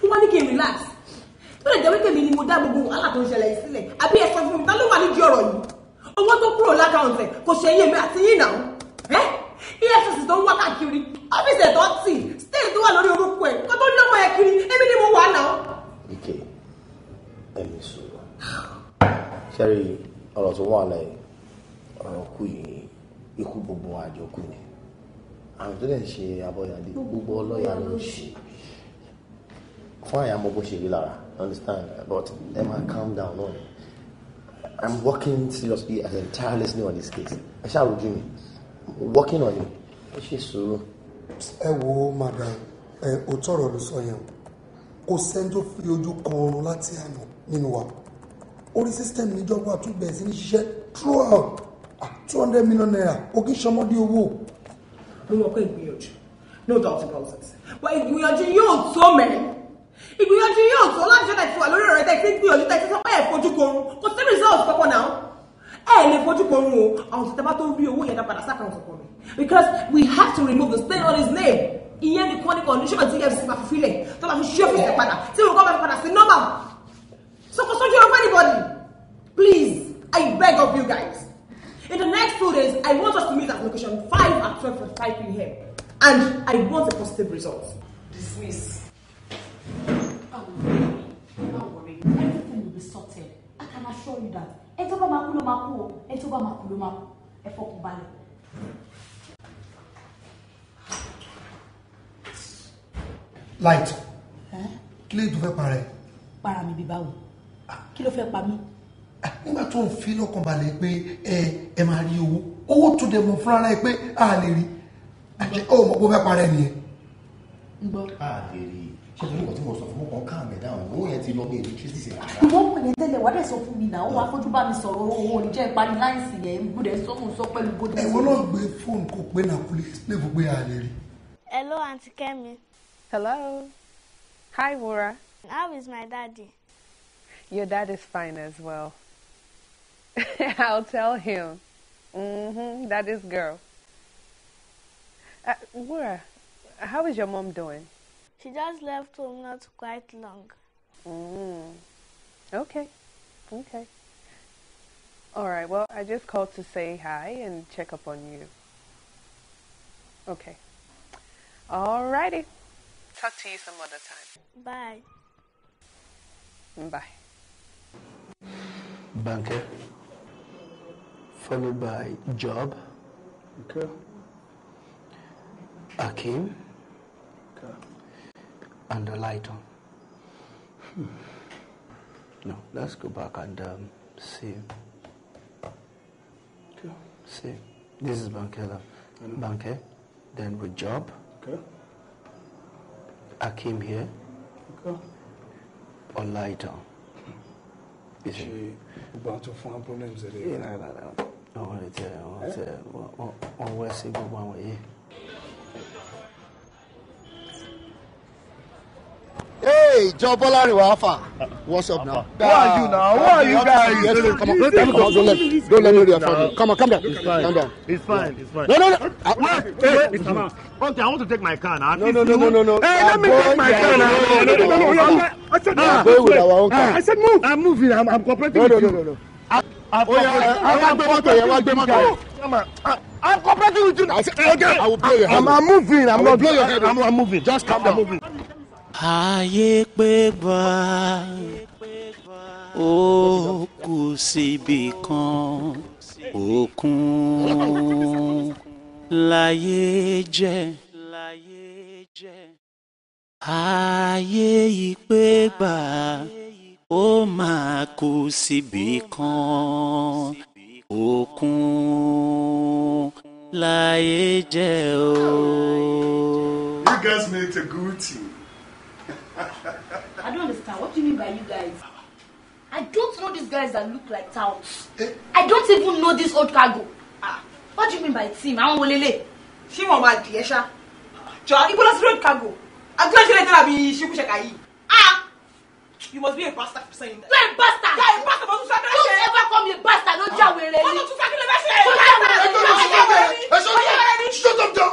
wọ́n ní kí n relax tó lè jẹ́ wípé mi ni mo dá gbogbo wàhálà tó ń ṣẹlẹ̀ yìí sílẹ̀ àbí ẹ sọ fún mi ta ló wà nídìí ọ̀rọ̀ yìí owó tó kúrò lákàùntì kò ṣe iye mi àti yín náà ẹ efcc tó ń wá káàkiri ọ́fíìsì ẹ̀tọ́ tì state tó wà lórí orúkọ ẹ̀ kó tó lọ́mọ ẹ̀ kiri èmi ni mo wà náà. ike ẹ̀mí sọ̀rọ̀ ṣẹ́rí ọ̀rọ̀ tó wà lẹ́yìn ọ̀rọ̀ kù yìí ikú gbogbo àjọkù ni àwọn tó dẹ̀ ń ṣe abọ́yàdé gbogbo ọlọ́yà ló ń ṣe fine I'm bó ṣe lara. understand but ẹ eh, máa calm down On, ni i'm working seriously as a tirelessly on this case ẹ ṣàròjú mi working on it ó ṣe sùúrù. ẹ wo madam ẹ o tọrọ ló sọ yẹn o kò sẹ́ni tó fi ojú kan oorun láti àná nínú wa orí system níjọba tún bẹ̀rẹ̀ sí ní ṣiṣẹ́ throughout two hundred million naira ogin ṣọmọdé owó. ló wọ pé ìgbìyànjú no doubt about it but ìgbìyànjú yóò tó mẹ́rin ìgbìyànjú yóò tó láti ṣe tẹ̀síwà lórí ọ̀rẹ́ tẹ̀sí gbìyànjú tẹ̀sí sọ pé ẹ̀ fojú korun kò sí result kankan náà ẹ lè fojú korun o àwọn òṣìṣẹ́ bá tó rí owó yẹn dá padà sáà kan kankan because we have to remove the stain on his name ìyẹn ni kọ́ni kan oníṣẹ́ tí efcc máa fi filẹ̀ tó máa fi ṣí ọ́fíìsì padà tí olùkọ́ máa fi padà sí normal so kò sójú ọ̀rọ̀ anybody please I beg of you guys in the next two days I want us to meet at location five at twelve forty five pm and I want a positive result. dismiss don't worry everything will be sorted I can assure you that ẹ tó bá máa kú ló máa kú o ẹ tó bá máa light kí ló dùn fẹ́ para ẹ. para mi bí báwo kí ló fẹ́ pa mí. nígbà tó ń fi lọ́kàn balẹ̀ pé ẹ ẹ máa rí owó owó tó dẹ̀ mọ̀ fúnra ẹ pé a lè rí ó mọ̀ pé ó fẹ́ para ẹ nìyẹn. ń a lè rí ṣé mo ní ìwọ tí mo sọ fún mo kàn ká dáhùn owó yẹn ti lọ ní èdè rárá. ìwọ mọ̀ yẹn tẹ́lẹ̀ wàá dẹ̀ sọ fún mi náà ó wàá fojú bá mi sọ̀rọ̀ owó oníjẹ́ ìparí láìsí yẹn mo dẹ̀ sọ fún sọ pẹ̀lú bó dẹ̀ sọ. náà gbé fóònù kò pé náà kúlẹ̀ sílẹ̀ fún pé àlè rí. hello aunty kemi. hello hi wura. how is my daddy. your dad is fine as well. I'll tell him. Mm-hmm, that is girl. Uh, Wura, how is your mom doing? She just left home not quite long. Mm. Okay. Okay. All right. Well, I just called to say hi and check up on you. Okay. All righty. Talk to you some other time. Bye. Bye. Banker, followed by job. Okay. Akim. and the light on. Oh. Hmm. Now, let's go back and um, see. Okay. See. This is Bankela. Uh, mm-hmm. Banke. Then with Job. Okay. Akim here. Okay. Or light on. You see? About to find problems. Yeah, no, no, no. Oh, it's wọ́n wọ́n wọ́n wọ́n wọ́n wọ́n wọ́n wọ́n Hey, John Bolariwa Alpha. What's up now? Who are you now? Who are you guys? Yes, come on. Don't, come on. don't let don't let me do no, no. Come on, come down. It's fine. down. It's fine. No, no, no. Wait, wait, wait. Okay, I want to take my car now. No, no, no, no, no, no. Hey, let me take my car now. No, no, no, no. I said move. Go with our own car. I said move. I'm moving. I'm, I'm cooperating with you. No, no, no, no. I'm cooperating with you. Come on. I'm cooperating with you. I said, okay. I will blow your head. I'm moving. I'm not blowing your head. I'm moving. Just calm down ayé pé gbà ó kù síbi kan òkun láyé jẹ́ ayé yìí pé gbà ó máa kù síbi kan òkun láyé jẹ́ o. You guys need to go to. I don't understand. What do you mean by you guys? I don't know these guys that look like touts. I don't even know this old cargo. Ah. What do you mean by team? Àwọn wo lélẹ̀? Ṣé wọn máa dì ẹ́ ṣá? Jọ̀ọ́ ibo cargo. I road cargo. Àdúrà ṣẹlẹ̀ tẹ́lẹ̀ àbí ṣíkú ṣẹ̀ka yìí. Ah! You must be a bastard for saying that. You're a bastard! You're a bastard for Tusa that. Don't ever call me a bastard! Don't jáwèrè ni. Wọ́n tó Tusa Dele bẹ́sẹ̀. Tusa Shut up, John!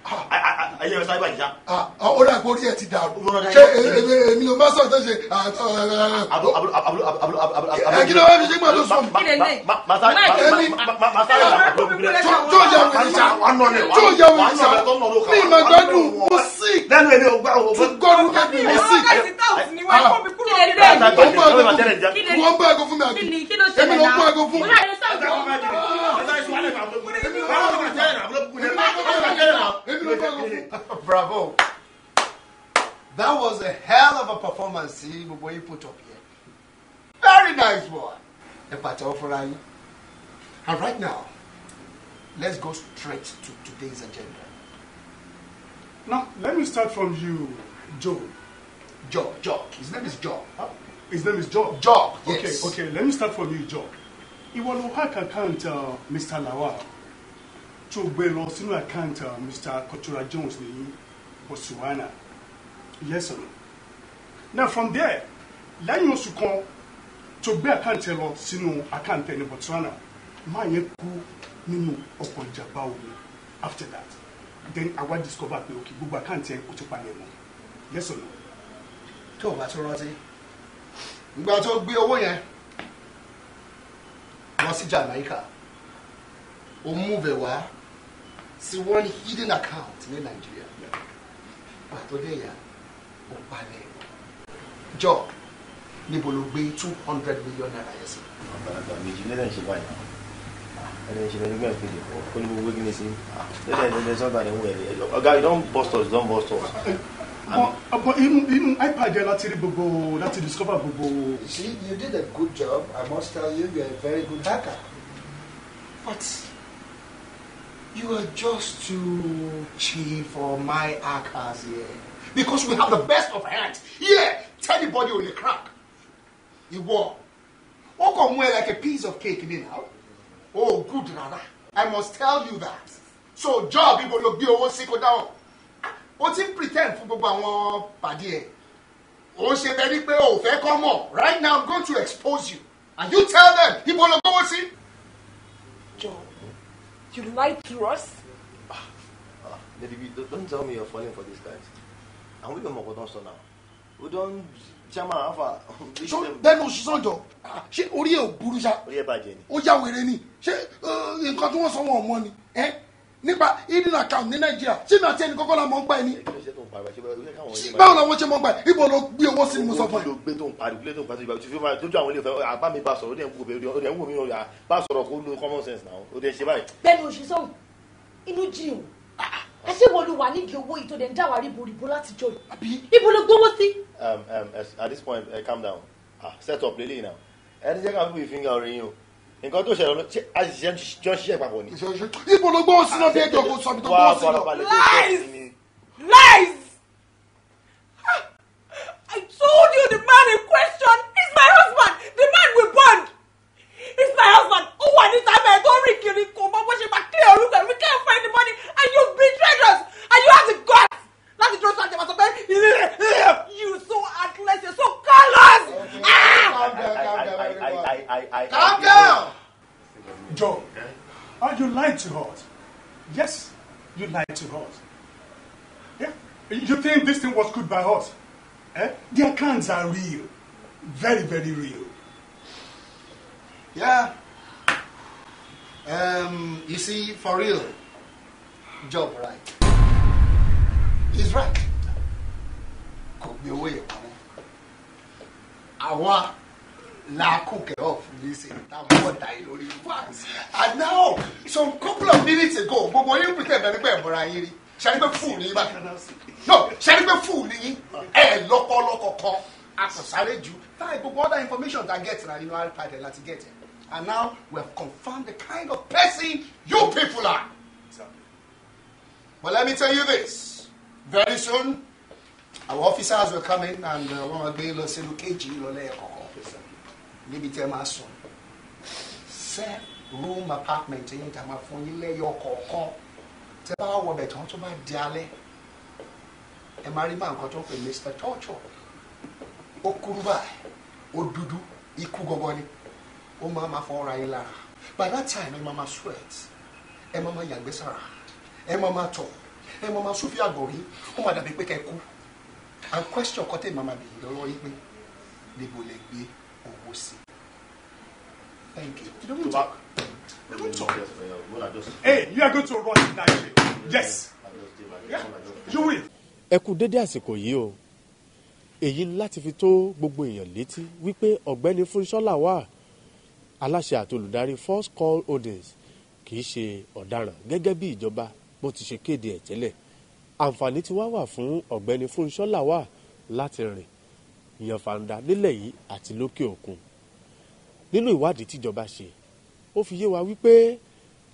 ayé ẹ sáyé bàjẹ́. ó dà kó rí ẹ ti dàrú ṣé èmi ló bá sọ tó ṣe. kí ló wá ṣe gbọ́n sọ mi. tó yà wò ní sa tó yà wò ní sa mi ma gbádùn mo sì tó gbọ́dún kẹ́kì mo sì. wọ́n bá aago fún mi àbí èmi ló fún mi. èmi ló bá aago fún mi. bravo that was a hell of a performance tí gbogbo put up here very nice one ẹ pàtẹ́wọ́ fúnra yín and right now let's go straight to today's agenda. now let me start from you Joe. Joe Joe his name is Joe. Huh? His name is Joe. Joe yes. okay okay let me start from you Joe. ìwọ ló wá kankan ta Mr. Lawal. t'o gbe lọ sínú àkáǹtì Mr. Kotura Jones ní Botswana yes or now from there leyin oṣù kan t'o gbe àkáǹtì lọ sínú àkáǹtì ní Botswana máa yẹn kú nínú ọkọ̀ ìjàmbá omi after that then awa discover pé òkè gbogbo àkáǹtì yẹn kò ti palẹ̀ mọ́ yes or no. tó o bá tún rántí ìgbà tó gbé owó yẹn lọ sí Jamaica ó mú wá. sí one hidden account ní nàìjíríà pàtó dẹ̀yà ó palẹ̀ jọ níbo ló gbé two hundred million naira yẹn sí. àgbàlagbà méjì lẹ́sẹ̀ ń ṣe báyìí ẹ̀rẹ̀ ìṣẹ̀lẹ̀ nígbà ìpele kọ́ kó ní gbogbo gíní sí lẹ́sẹ̀ lẹ́sẹ̀ sọ́gbà ní wọ́n ẹ̀rẹ̀ ọ̀gá you don bust us don bust us. ọ̀pọ̀ inú inú ipad yẹn láti rí gbogbo láti discover gbogbo. see you did a good job i must tell you you are a very good hacker What? You are just too cheap for my arcas yeah. Because we have the best of hands. Yeah, tell the body on the crack. Ìwọ. O kàn mú ẹ like a piece of cake ni now. Oh, good rárá. I must tell you that. So job ibo ló gbé owó sí kó dáhùn. O ti pretend fún gbogbo àwọn pàdé ẹ̀. very ṣe bẹ́ẹ̀ Come on, Right now I'm going to expose you. And you tell them ibo ló gbówó sí. You lied to us. Lady B, don't, tell me you're falling for these guys. And we don't know so now. We don't. Chama Afa. So Then no, sọ̀jọ̀ ṣé job. She ah. ò burú ṣá. Orí ẹ̀ bàjẹ́ ni. Ó yà wèrè ni ṣé eh, nǹkan want someone sọ wọn ò nípa hidden account ní nàìjíríà sínú àti ẹnì kọ́kọ́ la mọ̀ ń gbà ẹni. báwo la wọ́n ṣe mọ̀ ń gbà ẹ ibo ló gbé owó sí ni mo sọ fún ẹ. ibo gbé tó ń parí ibo tó ń parí ibo tó ju àwọn ilé ìfẹ́ àbá mi bá sọ̀rọ̀ ó dẹ̀ ń wò mí ó dẹ̀ ń wò mí ó bá sọ̀rọ̀ kó lo common sense náà ó dẹ̀ ṣe báyìí. bẹ́ẹ̀ni òṣìṣẹ́ òun inú jí o àṣewò ni wà nídìí owó yìí tó dẹ̀ ń dá wàrí ibo um, um, at this point eh, calm down ah, set up lélẹ́yìn náà ẹni jẹ́ ká fún mi finger ọ̀rẹ́ nǹkan tó ṣẹlẹ̀ ṣe àṣìṣe jọ ṣiṣẹ́ papọ̀ ni. ibo ló bí ẹjọ́ kò sọ mi tó gbọ́ sínú. lies lies I told you the man in question is my husband the man we bond is my husband ó wà níta bẹ́ẹ̀ tó rìn kiri kò mọ bó ṣe máa clear orúkọ we can't find the money and you betrayed us and you have the guts láti dúró sọ́jà máa sọ pé you so heartless you so callous. calm down calm down. calm down. Job. Okay. you lied to us. Yes, you lied to us. Yeah? You think this thing was good by us? Eh? The accounts are real. Very, very real. Yeah. Um, you see, for real, Job, right? He's right. Could be away. Awa. Lakuke of Lise Tamuota Ilori once. And now, some couple of minutes ago, gbogbo yín pretend ẹni pé ẹ̀bọ̀ra yín rí. Ṣé ẹni pé fún ni yín bá? No, ṣé ẹni pé fún ni yín? Ẹ lọ́kọ́lọ́kọ́ kan, a kò sáré jù. Táyì gbogbo other information ta get na nínú iPad ẹ̀ láti get. And now we have confirmed the kind of person you people are. But let me tell you this, very soon our officers will come in and uh, wọ́n gbé lọ sínú kejì lọ lẹ́ẹ̀kan níbi tẹ́ máa sùn fẹ́ room apartment yín tá a máa fún yín lẹ́yọ kọ̀ọ̀kan tẹ́ bá wọ bẹ̀ tán tó bá di alẹ́ ẹ máa rí máa nǹkan tó ń pè Mr. Torture ó kúrú báyìí ó dúdú ikú gọgọ ni ó máa ma fọ ọ̀ra yín lára by that time ẹ máa ma sweat ẹ máa ma yàgbẹ́ sára ẹ máa ma tọ̀ ẹ máa ma sófin àgọ̀rí ó máa dàbí pé kẹ́ kú and question kọ́tẹ́ màmá bìyìn lọ́wọ́ yín pé níbo lẹ gbé kò sí. you don't talk. you don't talk. hey you are going to run in that shit. yes. Yeah. you will. ẹ kú dédé àsìkò yìí o èyí láti fi tó gbogbo èèyàn létí wípé ọ̀gbẹ́ni fúnṣọ́lá wà aláṣẹ àti olùdarí first call holdings kì í ṣe ọ̀daràn gẹ́gẹ́ bí ìjọba bó ti ṣe kéde ẹ̀ tẹ́lẹ̀ àǹfààní tí wá wà fún ọ̀gbẹ́ni fúnṣọ́lá wà láti rìn ìyàn faranda nílẹ̀ yìí àti lókè òkun nínú ìwádìí tíjọba ṣe ó fi yé wa wípé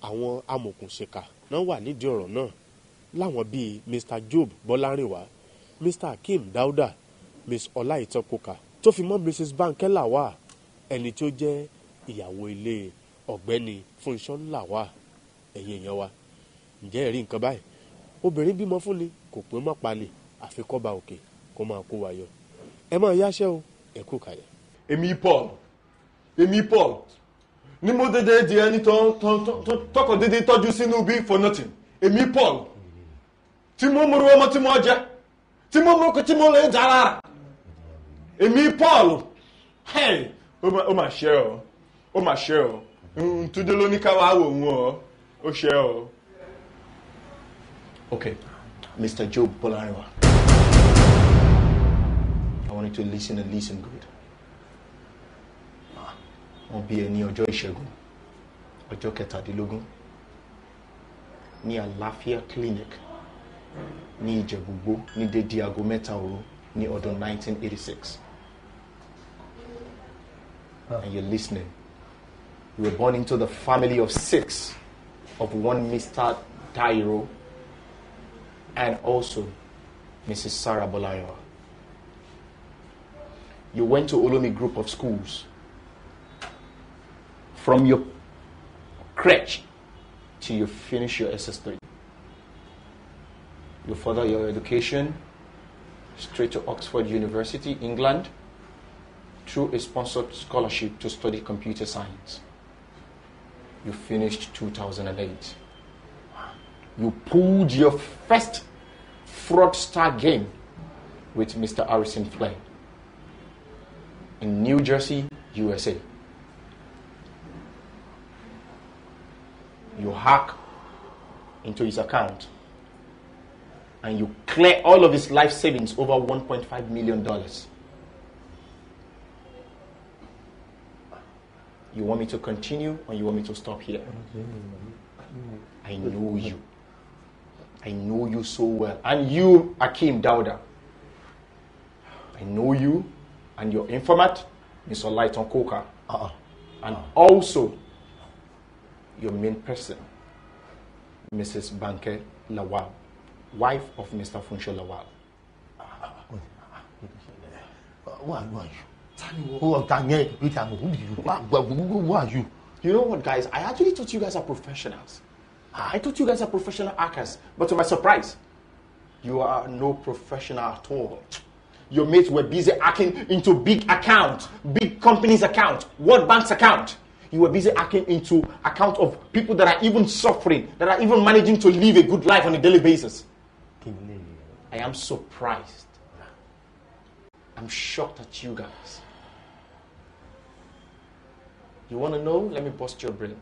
àwọn amòkùnṣèkà náà wà nídìí ọ̀rọ̀ náà láwọn bíi Mr Job Bọ́lárìnwá Mr Kim Dauda Miss Ọláìtàn Coker tó fi mọ́ Mrs Bankẹ́ Lawal ẹni tí ó jẹ́ ìyàwó ilé ọ̀gbẹ́ni Fúnṣọ́ Lawal ẹ̀yin èèyàn wa ǹjẹ́ ẹ̀rí nǹkan báyìí obìnrin bímọ fún ni kò pé mọ́ pa ni àfikọ́ òkè kó máa kó wa yọ ẹ máa yáṣẹ́ o ẹ kú kàyà. èmi Paul èmi Paul ni mo dédé di ẹni tọkọ dédé tọ́jú sínú bí for nothing èmi Paul tí mo múru ọmọ tí mo jẹ tí mo mú tí mo lè dára rà èmi Paul ó mà ṣe ọ ó mà ṣe ọ ntúndé ló ní ká wá wò wọn ọ ó ṣe ọ. okay Mr. Job Bolarinwa. I want you to listen and listen good. Ah, wọ́n bí ẹ ní ọjọ́ ìṣẹ́gun ọjọ́ kẹtàdínlógún ní àlàáfíà clinic ní ìjẹ̀bùgbó ní dédé aago mẹ́ta òru ní ọdún 1986. Ah. And you're listening. You were born into the family of six of one Mr. Dairo and also Mrs. Sarah Bolayo you went to Olomi group of schools. From your crutch till you finish your SS3. You further your education straight to Oxford University, England, through a sponsored scholarship to study computer science. You finished 2008. You pulled your first fraudster game with Mr. Harrison Flynn in New Jersey, USA. You hack into his account and you clear all of his life savings over $1.5 million. You want me to continue or you want me to stop here? I know you. I know you so well. And you, Akim Dauda. I know you and your informant, Mr. Lighton Coker, uh-uh. and uh-uh. also your main person, Mrs. Banke Lawal, wife of Mr. Funsho Lawal. Who are you? Who are you? You know what, guys? I actually thought you guys are professionals. I thought you guys are professional actors, but to my surprise, you are no professional at all. Your mates were busy hacking into big accounts, big companies' accounts, World Bank's account. You were busy hacking into account of people that are even suffering, that are even managing to live a good life on a daily basis. I am surprised. I'm shocked at you guys. You want to know? Let me bust your brain.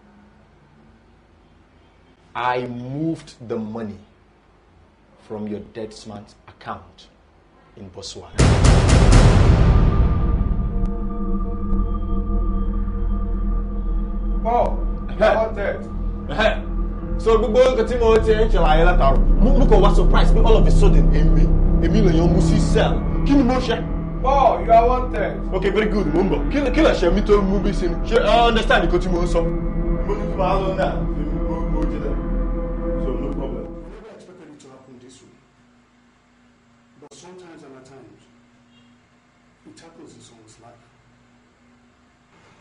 I moved the money from your dead smart account in Botswana. Paul, what that? so gbogbo going tí mo ti ń ṣàlàyé látàrọ look, kàn wá surprise Me all of a sudden èmi èmi lèèyàn mú sí cell kí ni mo Paul, you are wanted. okay very good mo ń bọ̀ kí lè ṣe mi tó I understand You tí mo ń sọ. mo ní fún wa lọ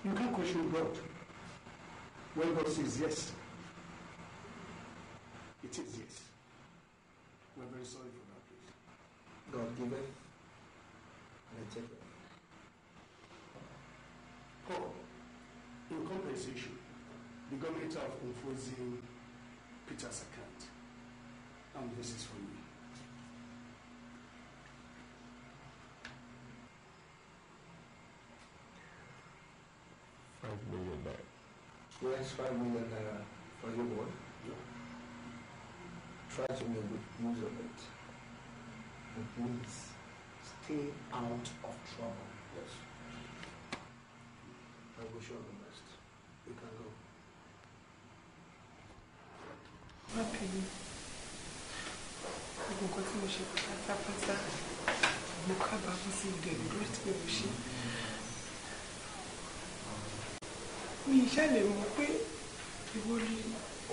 You can't question God. When God says yes, it is yes. We're very sorry for that, please. God given, and taketh. Paul, in compensation, the government of enforcing Peter's account. And this is for me. You inspire naira uh, for your board. Yeah. Try to make good use of it. And please stay out of trouble. Yes. I wish you all the best. You can go. Happy. Gbogbo nǹkan tí mo ṣe pátápátá, mo kábàámọ̀ sí to lórí tí mo ṣe. mi iṣẹ́ lè mọ̀ pé ìwọ ni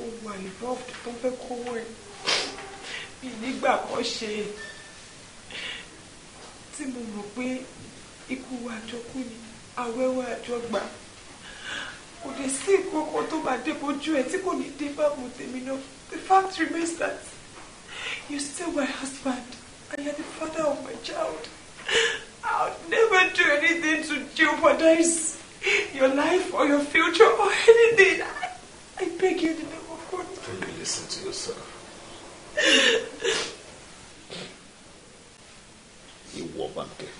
ó wà tó fẹ́ kówó ẹ̀ mi nígbà kan ṣe tí mo mọ̀ pé ikú wa àjọkú ni awẹ́wẹ́ àjọgbà kò dé sí ìkókó tó máa dé bójú ẹ tí kò ní dé báwo tèmi náà the fact remains that you still my husband and you're the father of my child I'll never do anything to jeopardize. your life or your future or anything. I, I beg you in the name of God. Can you listen to yourself? You Bánkẹ́.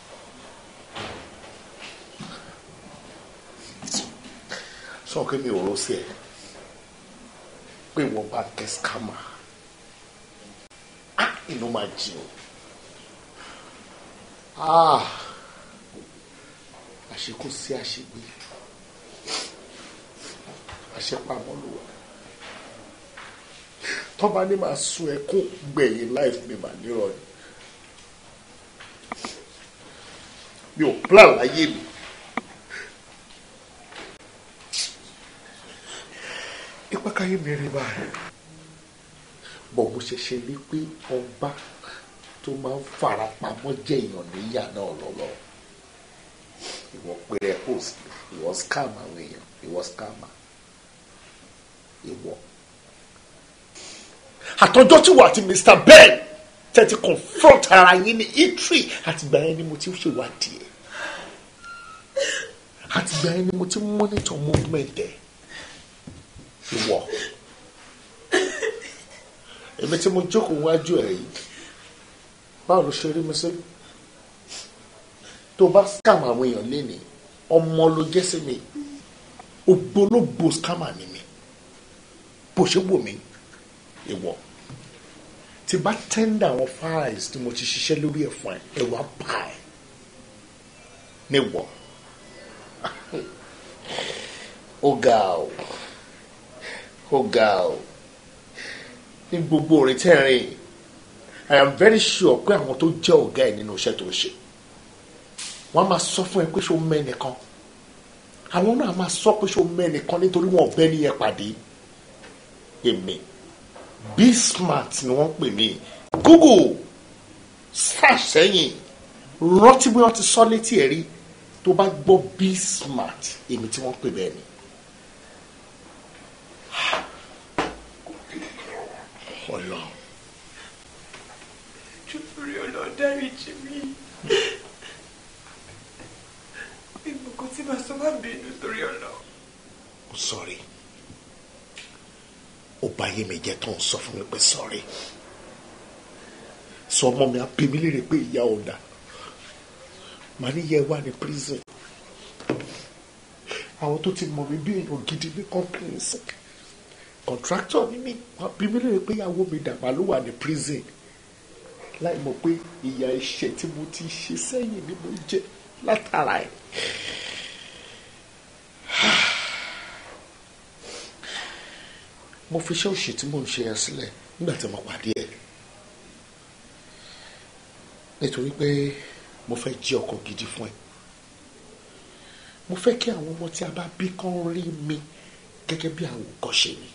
Sọ pé mi ò rọ́ sí ẹ pé ìwọ Bánkẹ́ scammer. Á ah, inú máa jí o. Ah àṣekú sí àṣegbé àṣepamọ́lùwà tọ́ba ní máa sun ẹkún gbẹ̀yìn life mi mà nírọ̀ ni mi ò plan láyé mi. ipa káyé mi rí báyìí bọ̀ mo ṣẹ̀ṣẹ̀ rí pé ọba tó máa ń farapamọ́ jẹ̀yàn níyà náà lọ́lọ́ọ́ ìwọ pé ẹ host ìwọ scam àwọn èèyàn ìwọ scammer ìwọ. àtọjọ́ tí wà á ti Mr. Ben tẹ́tí confront ara yín ní itri e àtìgbà yẹn ni mo ti ṣèwádìí ẹ̀ àtìgbà yẹn ni mo ti monitor movement ẹ̀ ìwọ èmi tí mo jókòó wájú ẹ̀ yìí báwo ló ṣe rí mi sílùú tó bá scam àwọn èèyàn lénìí ọmọ ló jẹ́ sí mi ògbólógbò scammer ni mi bó ṣe wò mí ìwọ tí bá tẹ́ndà àwọn files tí mo ti ṣiṣẹ́ lórí ẹ̀ fún ẹ ẹ̀rọ apá ẹ̀ ní ó ga o ó ga o ní gbogbo orin tẹ́rìn I am very sure pé àwọn tó jẹ́ ọ̀gá ẹ̀ nínú iṣẹ́ tó ń ṣe wọ́n á máa sọ fún ẹ pé ṣó mẹ́nìkan àwọn náà máa sọ pé ṣó mẹ́nìkan nítorí wọn ọ̀bẹ ní ẹ pàdé èmi be smart ni wọ́n pè mí google search sẹ́yìn rántí bí wọ́n ti sọ létí ẹ̀rí tó bá gbọ́ be smart èmi tí wọ́n pè bẹ́ẹ̀ ni. Ọlọ́run. Jùpùrí ọlọ́dẹ́rì jì mí. tí pásítọ̀ má bínú torí ọ̀nà. ó sọ̀rí ó bá yé mi jẹ́ tó ń sọ fún mi pé sọ̀rí sọ ọmọ mi àbí mi léèrè pé ìyá ò dà màá ní yẹ wá ní prison àwọn tó ti mọ̀ mí bí èèyàn gidi ní company contractor mi mi wọ́n bí mi léèrè pé ìyàwó mi dàgbà ló wà ní prison láì mọ̀ pé ìyà ẹ̀ṣẹ̀ tí mo ti ṣe sẹ́yìn ni mo jẹ látara ẹ̀ mo fi iṣẹ́ òṣì tí mò ń ṣe yẹn sílẹ̀ nígbà tí mo pàdé ẹ̀ nítorí pé mo fẹ́ jẹ́ ọkọ gidi fún ẹ mo fẹ́ kí àwọn ọmọ tí a bá bí kán rí mi gẹ́gẹ́ bí àwòkọ́ṣe mi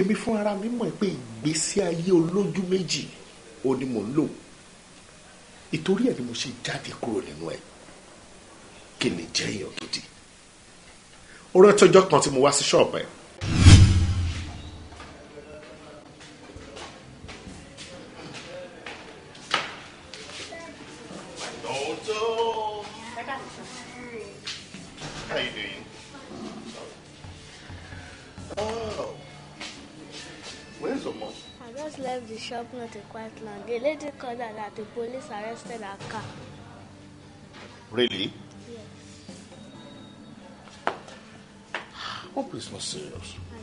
èmi fún ara mi mọ̀ pé ìgbésí ayé olójú méjì ò ń lò ìtorí ẹ̀ ni mo ṣe jáde kúrò nínú ẹ̀ kí ni jẹ́ èèyàn gidi ó rántí ọjọ́ kan tí mo wá sí ṣọ́ọ̀bù ẹ̀ oh, shop not in Queensland. The lady called that the police arrested her car. Really? hope it's not serious. I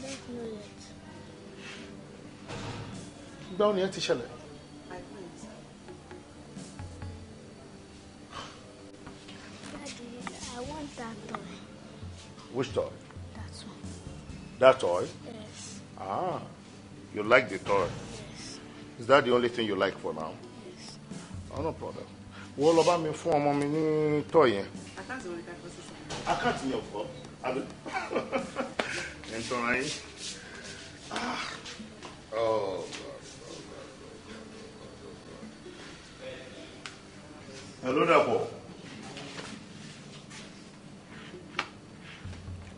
don't know yet. Ìgbà wo ni I don't. Daddy, I want that toy. Which toy? That one. That toy? Yes. Ah, you like the toy? Yes. Is that the only thing you like for now? Yes. Oh, no problem. What about me for my ọmọ mi ní tọ́ yẹn. Àkáǹtì wọn ni ká kọ́ sísè. Àkáǹtì yẹn ń ah, oh, Hello, Dàpọ̀.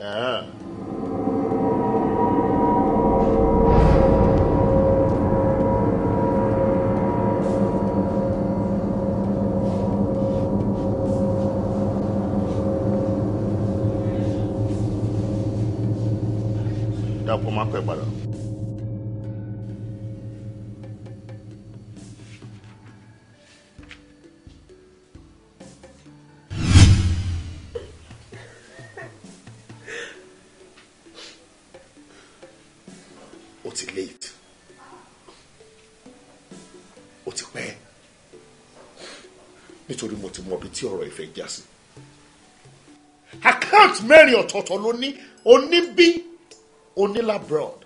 Ah. pẹ́ padà. late ó ti pẹ́ nítorí mo ti mọ ibi tí ọ̀rọ̀ ìfẹ́ já sí àkáǹtì mẹ́rin ọ̀tọ̀ọ̀tọ̀ ló ní oníbí onílà broad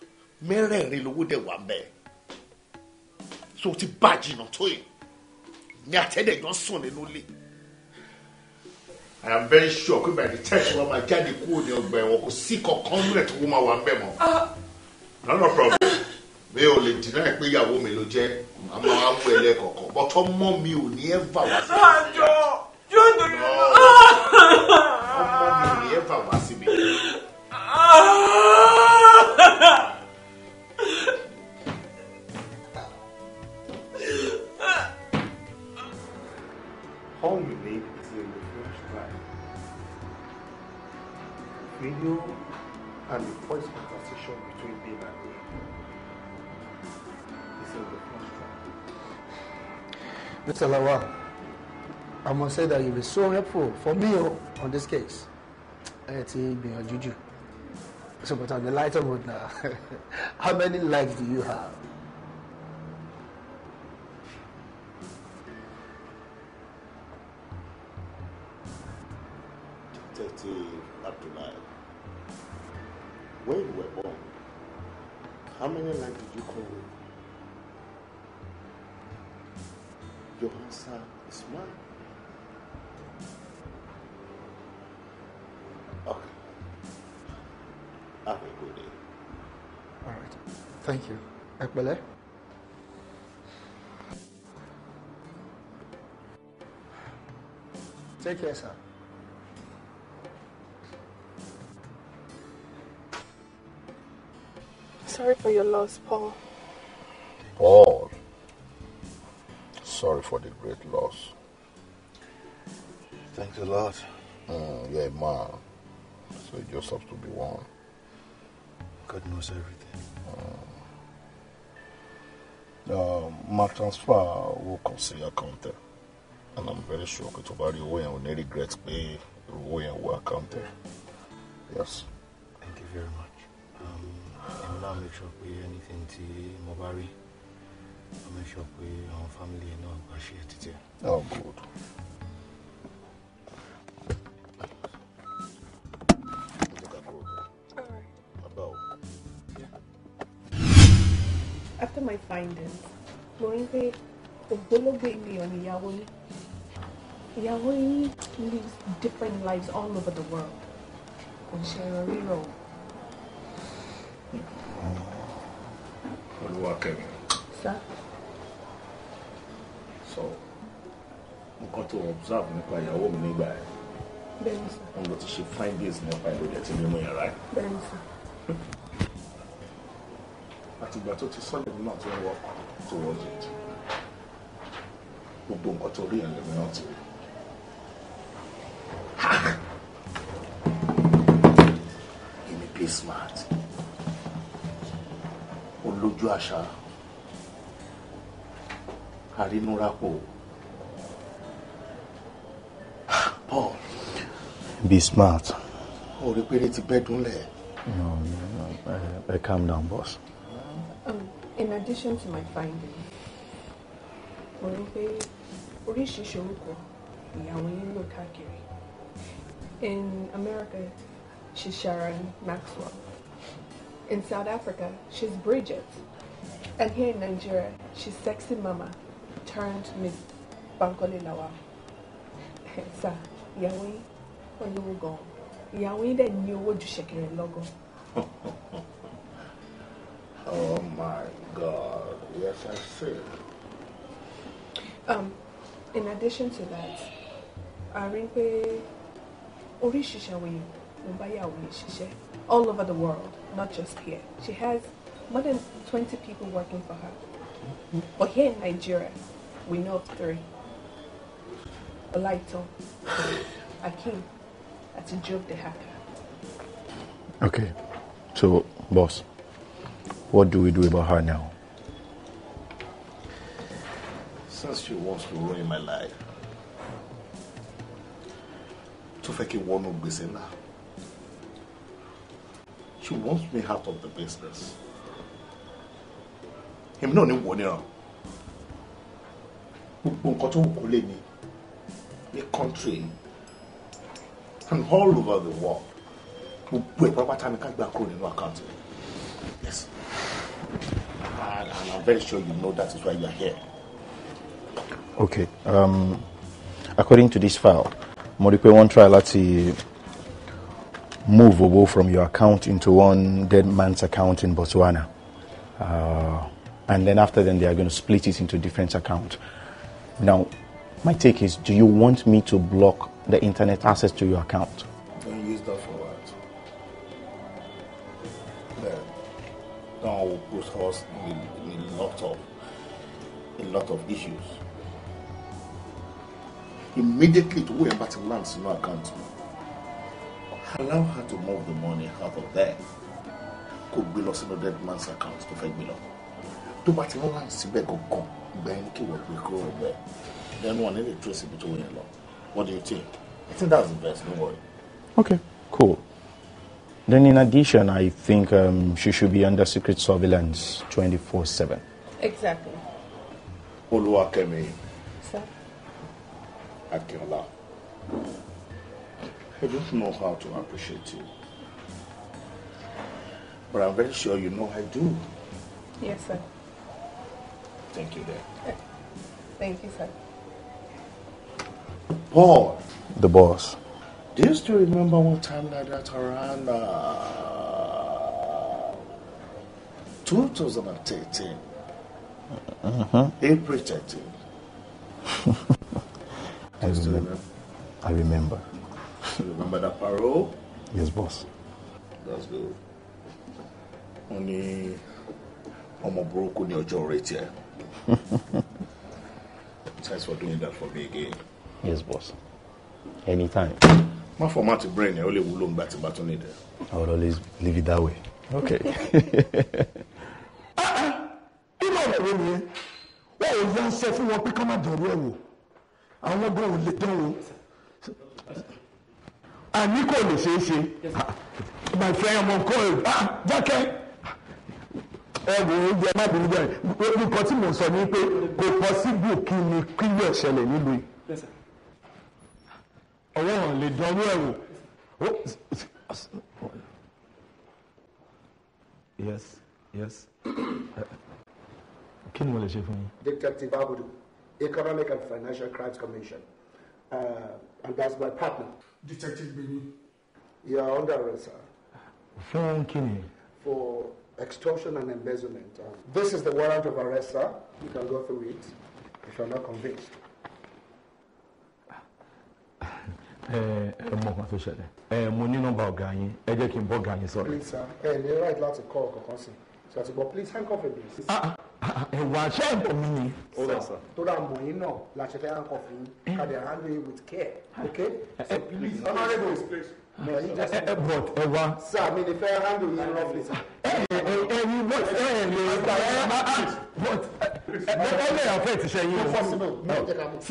mẹ́rẹ̀ẹ̀rin lówó dẹ̀ wà mẹ́ẹ̀ so ti bàjẹ́ iná tó yìí ní àtẹ́dẹ̀jọ́ sùn nínú ilé. I am very sure pé by the time tí wọ́n máa jáde kúrò ní ọgbà ẹ̀wọ̀n kò sí kankan rẹ̀ tó kó máa wà ń bẹ̀ mọ́. no ah. no problem mi ò lè deny pé ìyàwó mi ló jẹ́ àmọ́ àwọn ẹlẹ́kọ̀ọ̀kan bọ́tọ́ mọ́ mi ò ní ẹ́ bà wá sí. Ah, Mr. I must say that you've been so helpful for me on this case. It's been your juju. So, but on the lighter note now, how many likes do you have? right. thank you ẹ take care sir. Sorry for your loss, Paul. Paul, sorry for the great loss. Thanks a lot. Mm, you're man, so you just have to be one. God knows everything. Uh, um, ma transfer will consider sí and i'm very sure that tó bá rí owó yẹn ò ní regret pé owó yẹn wọ account yes. thank you very much um, I'm náà make sure we anything to mo bá i make sure we our family and our ṣe ẹ títí. oh good findings mo rí pé ògbólógbò ènìyàn ni ìyàwó yín ìyàwó yín lives different lives all over the world kò ń ṣe ẹran rírọ o. olúwa kẹmi. sá. so nǹkan tó observe nípa ìyàwó mi nígbà yẹn. bẹ́ẹ̀ni sá. wọn lọ ti ṣe findings nípa ìlú ìdẹ̀tí mímú yàrá yẹn. bẹ́ẹ̀ni sá. àtìgbà tó ti sọ́lẹ̀ náà tó ń wọ towards it gbogbo nǹkan tó rí ẹ̀ lẹ́mìí ti rí. èmi pay smart olójú àṣà arínúrápò Paul. be smart. o rí pé ní ti bẹ́ẹ̀ dúnlẹ̀. no no no uh, calm down boss. addition to my findings mo rí pé oríṣiríṣi orúkọ ìyàwó yín lò káàkiri in America she's Sharon Maxwell in South Africa she's Bridget and here in Nigeria she's sexy mama turned Miss Bankole Lawa. sir ìyàwó yín wọn lówó gan ìyàwó yín dẹ̀ ní owó ju ṣẹ̀kẹ̀rẹ̀ logo. Oh my God. Yes, I see. Um, in addition to that, I rí pé oríṣiríṣi all over the world, not just here. She has more than 20 people working for her. But here in Nigeria, we know of three. Olaito, Akin, a Job they have. Okay, so boss. What do we do about her now? Since she wants to ruin my life, to fẹ́ kí n wọnú gbèsè She wants me out of the business. Èmi náà ní wò here. Gbogbo nǹkan tó wù kó country and all over the world. Gbogbo ẹ̀ pátápátá ni ká gbà kúrò nínú àkáǹtì country. and, and I'm very sure you know that is why you are here. Okay. Um, according to this file, mo rí to try láti move away from your account into one dead man's account in Botswana. Uh, and then after then, they are going to split it into different accounts. Now, my take is, do you want me to block the internet access to your account? caused a lot of a lot of issues immediately to whoever to land sínú account mi allow her to move the money out of there Could be lost in a dead man's account To fẹ́ gbé lọ tó bá ti wọ́n land síbẹ̀ gangan gbẹ̀yìn kí wọ́n gbé there. then one ní trace ibi tó wọ́n what do you think? I think that's the best no worry. okay cool. Then, in addition, I think um, she should be under secret surveillance 24 7. Exactly. Oluwakemi. Sir. Akinola. I don't know how to appreciate you. But I'm very sure you know I do. Yes, sir. Thank you, dear. Thank you, sir. Paul. The boss. Do you still remember what time that that around uh, 2013? Uh-huh. Mm-hmm. April 13. I, remember. I remember. You remember that parole? Yes, boss. That's good. Only I'm a broken your jaw right here. Thanks for doing that for me again. Yes, boss. Anytime má fọmátì brain I only will wúlò back to bá tún nídẹ. I would always leave it that way. okay. Ah, ah. ọ̀rọ̀ wo nìyẹn wọ́n ò yá ń sọ fún wọn pé ká má dọ̀rọ̀ ẹ̀ wò àwọn ọgbọ́n ò lè dán o àní kò lè ṣeé ṣe my friend ọmọ nǹkan ẹ̀ ah jákẹ́ ẹ wò ó yẹ má bínú bẹ́ẹ̀ nǹkan tí mò ń sọ ni pé kò possible kí ni kí yóò ṣẹlẹ̀ nílùú yìí ọwọ́ hàn lè dánwó ẹ̀ yes yes kí ni mo lè ṣe fún yín. detective abudu economic and financial crimes commission uh, and that's my partner. detective benin. you are under arrest sir. fún kí for extortion and embezzlement. Uh, this is the warrant of arrest sir. you can go through it if you are not convinced. ẹ ẹ mọ ọkàn tó ṣẹlẹ̀ ẹ mo ní nọ́mbà ọ̀gá yín ẹ jẹ́ kí n bọ ọ̀gá yín sọ̀rọ̀. please sir ẹ ní right láti kọ ọkọọkan sí so àti bọ please handcuff him please. ẹwà ṣe é bọ̀ mí ni. tó dáa mọ̀ yín náà la ṣe fẹ́ handcuff yín kàdé handle it with care okay so please honourable ẹ bọ̀t ẹ wá. sir mi ni fẹ́ handle yín roughly sir. ẹ ẹ ẹ ní bọ́t ẹ ẹ lè gbà ẹ bọ́t ẹ ẹ lè affect ṣe yín o. no possible.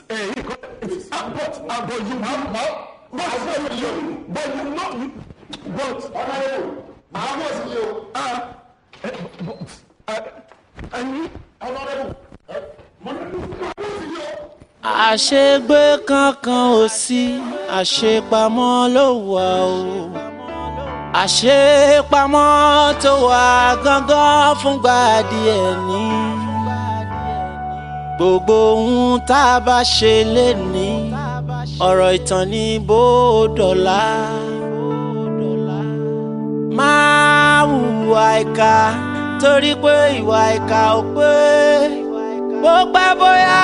ẹ yìí kọ́ place. And but uh, but you know. But but you but you know. But. Honourable, màá mọ̀ sí i o. Ẹyin. Honourable, mo ní màá mọ̀ sí i o. Àṣegbé kankan ò sí, àṣepamọ́ ló wà o. Àṣepamọ́ tó wà gángan fúngbà díẹ̀ ni gbogbo ohun tá a bá ṣe lè ní ọ̀rọ̀ ìtàn ní bó dọ̀la máa hùwà ìka torí pé ìwà ìka ò pé bó pẹ́ bóyá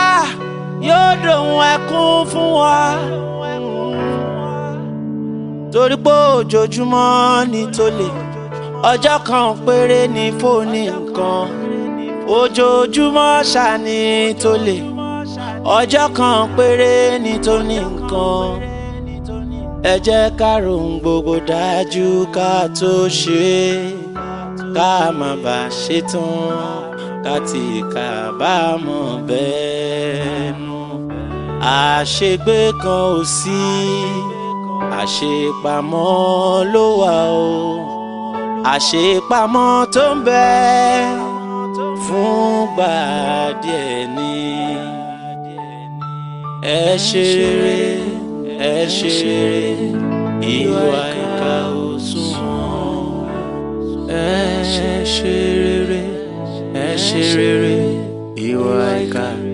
yóò dòun ẹkún fún wa torí pé ojoojúmọ́ ni tó lè ọjọ́ kan péré ni fóònù nǹkan ojoojúmọ́ ṣàní tó lè ọjọ́ kan péré ni tó ní nǹkan ẹ jẹ́ ká rohun gbogbo dájú ká tó ṣe é ká má bà ṣetán ká ti kábàámọ̀ bẹ́ẹ̀ nù àṣegbé kan ò sí àṣepamọ́ ló wà o àṣepamọ́ tó ń bẹ́ẹ̀ fúngbà díẹ̀ ni ẹ ṣe rere ẹ ṣe rere ìwà ìkà ò sunwọ̀n ẹ ṣe ẹ ṣe rere ìwà ìkà.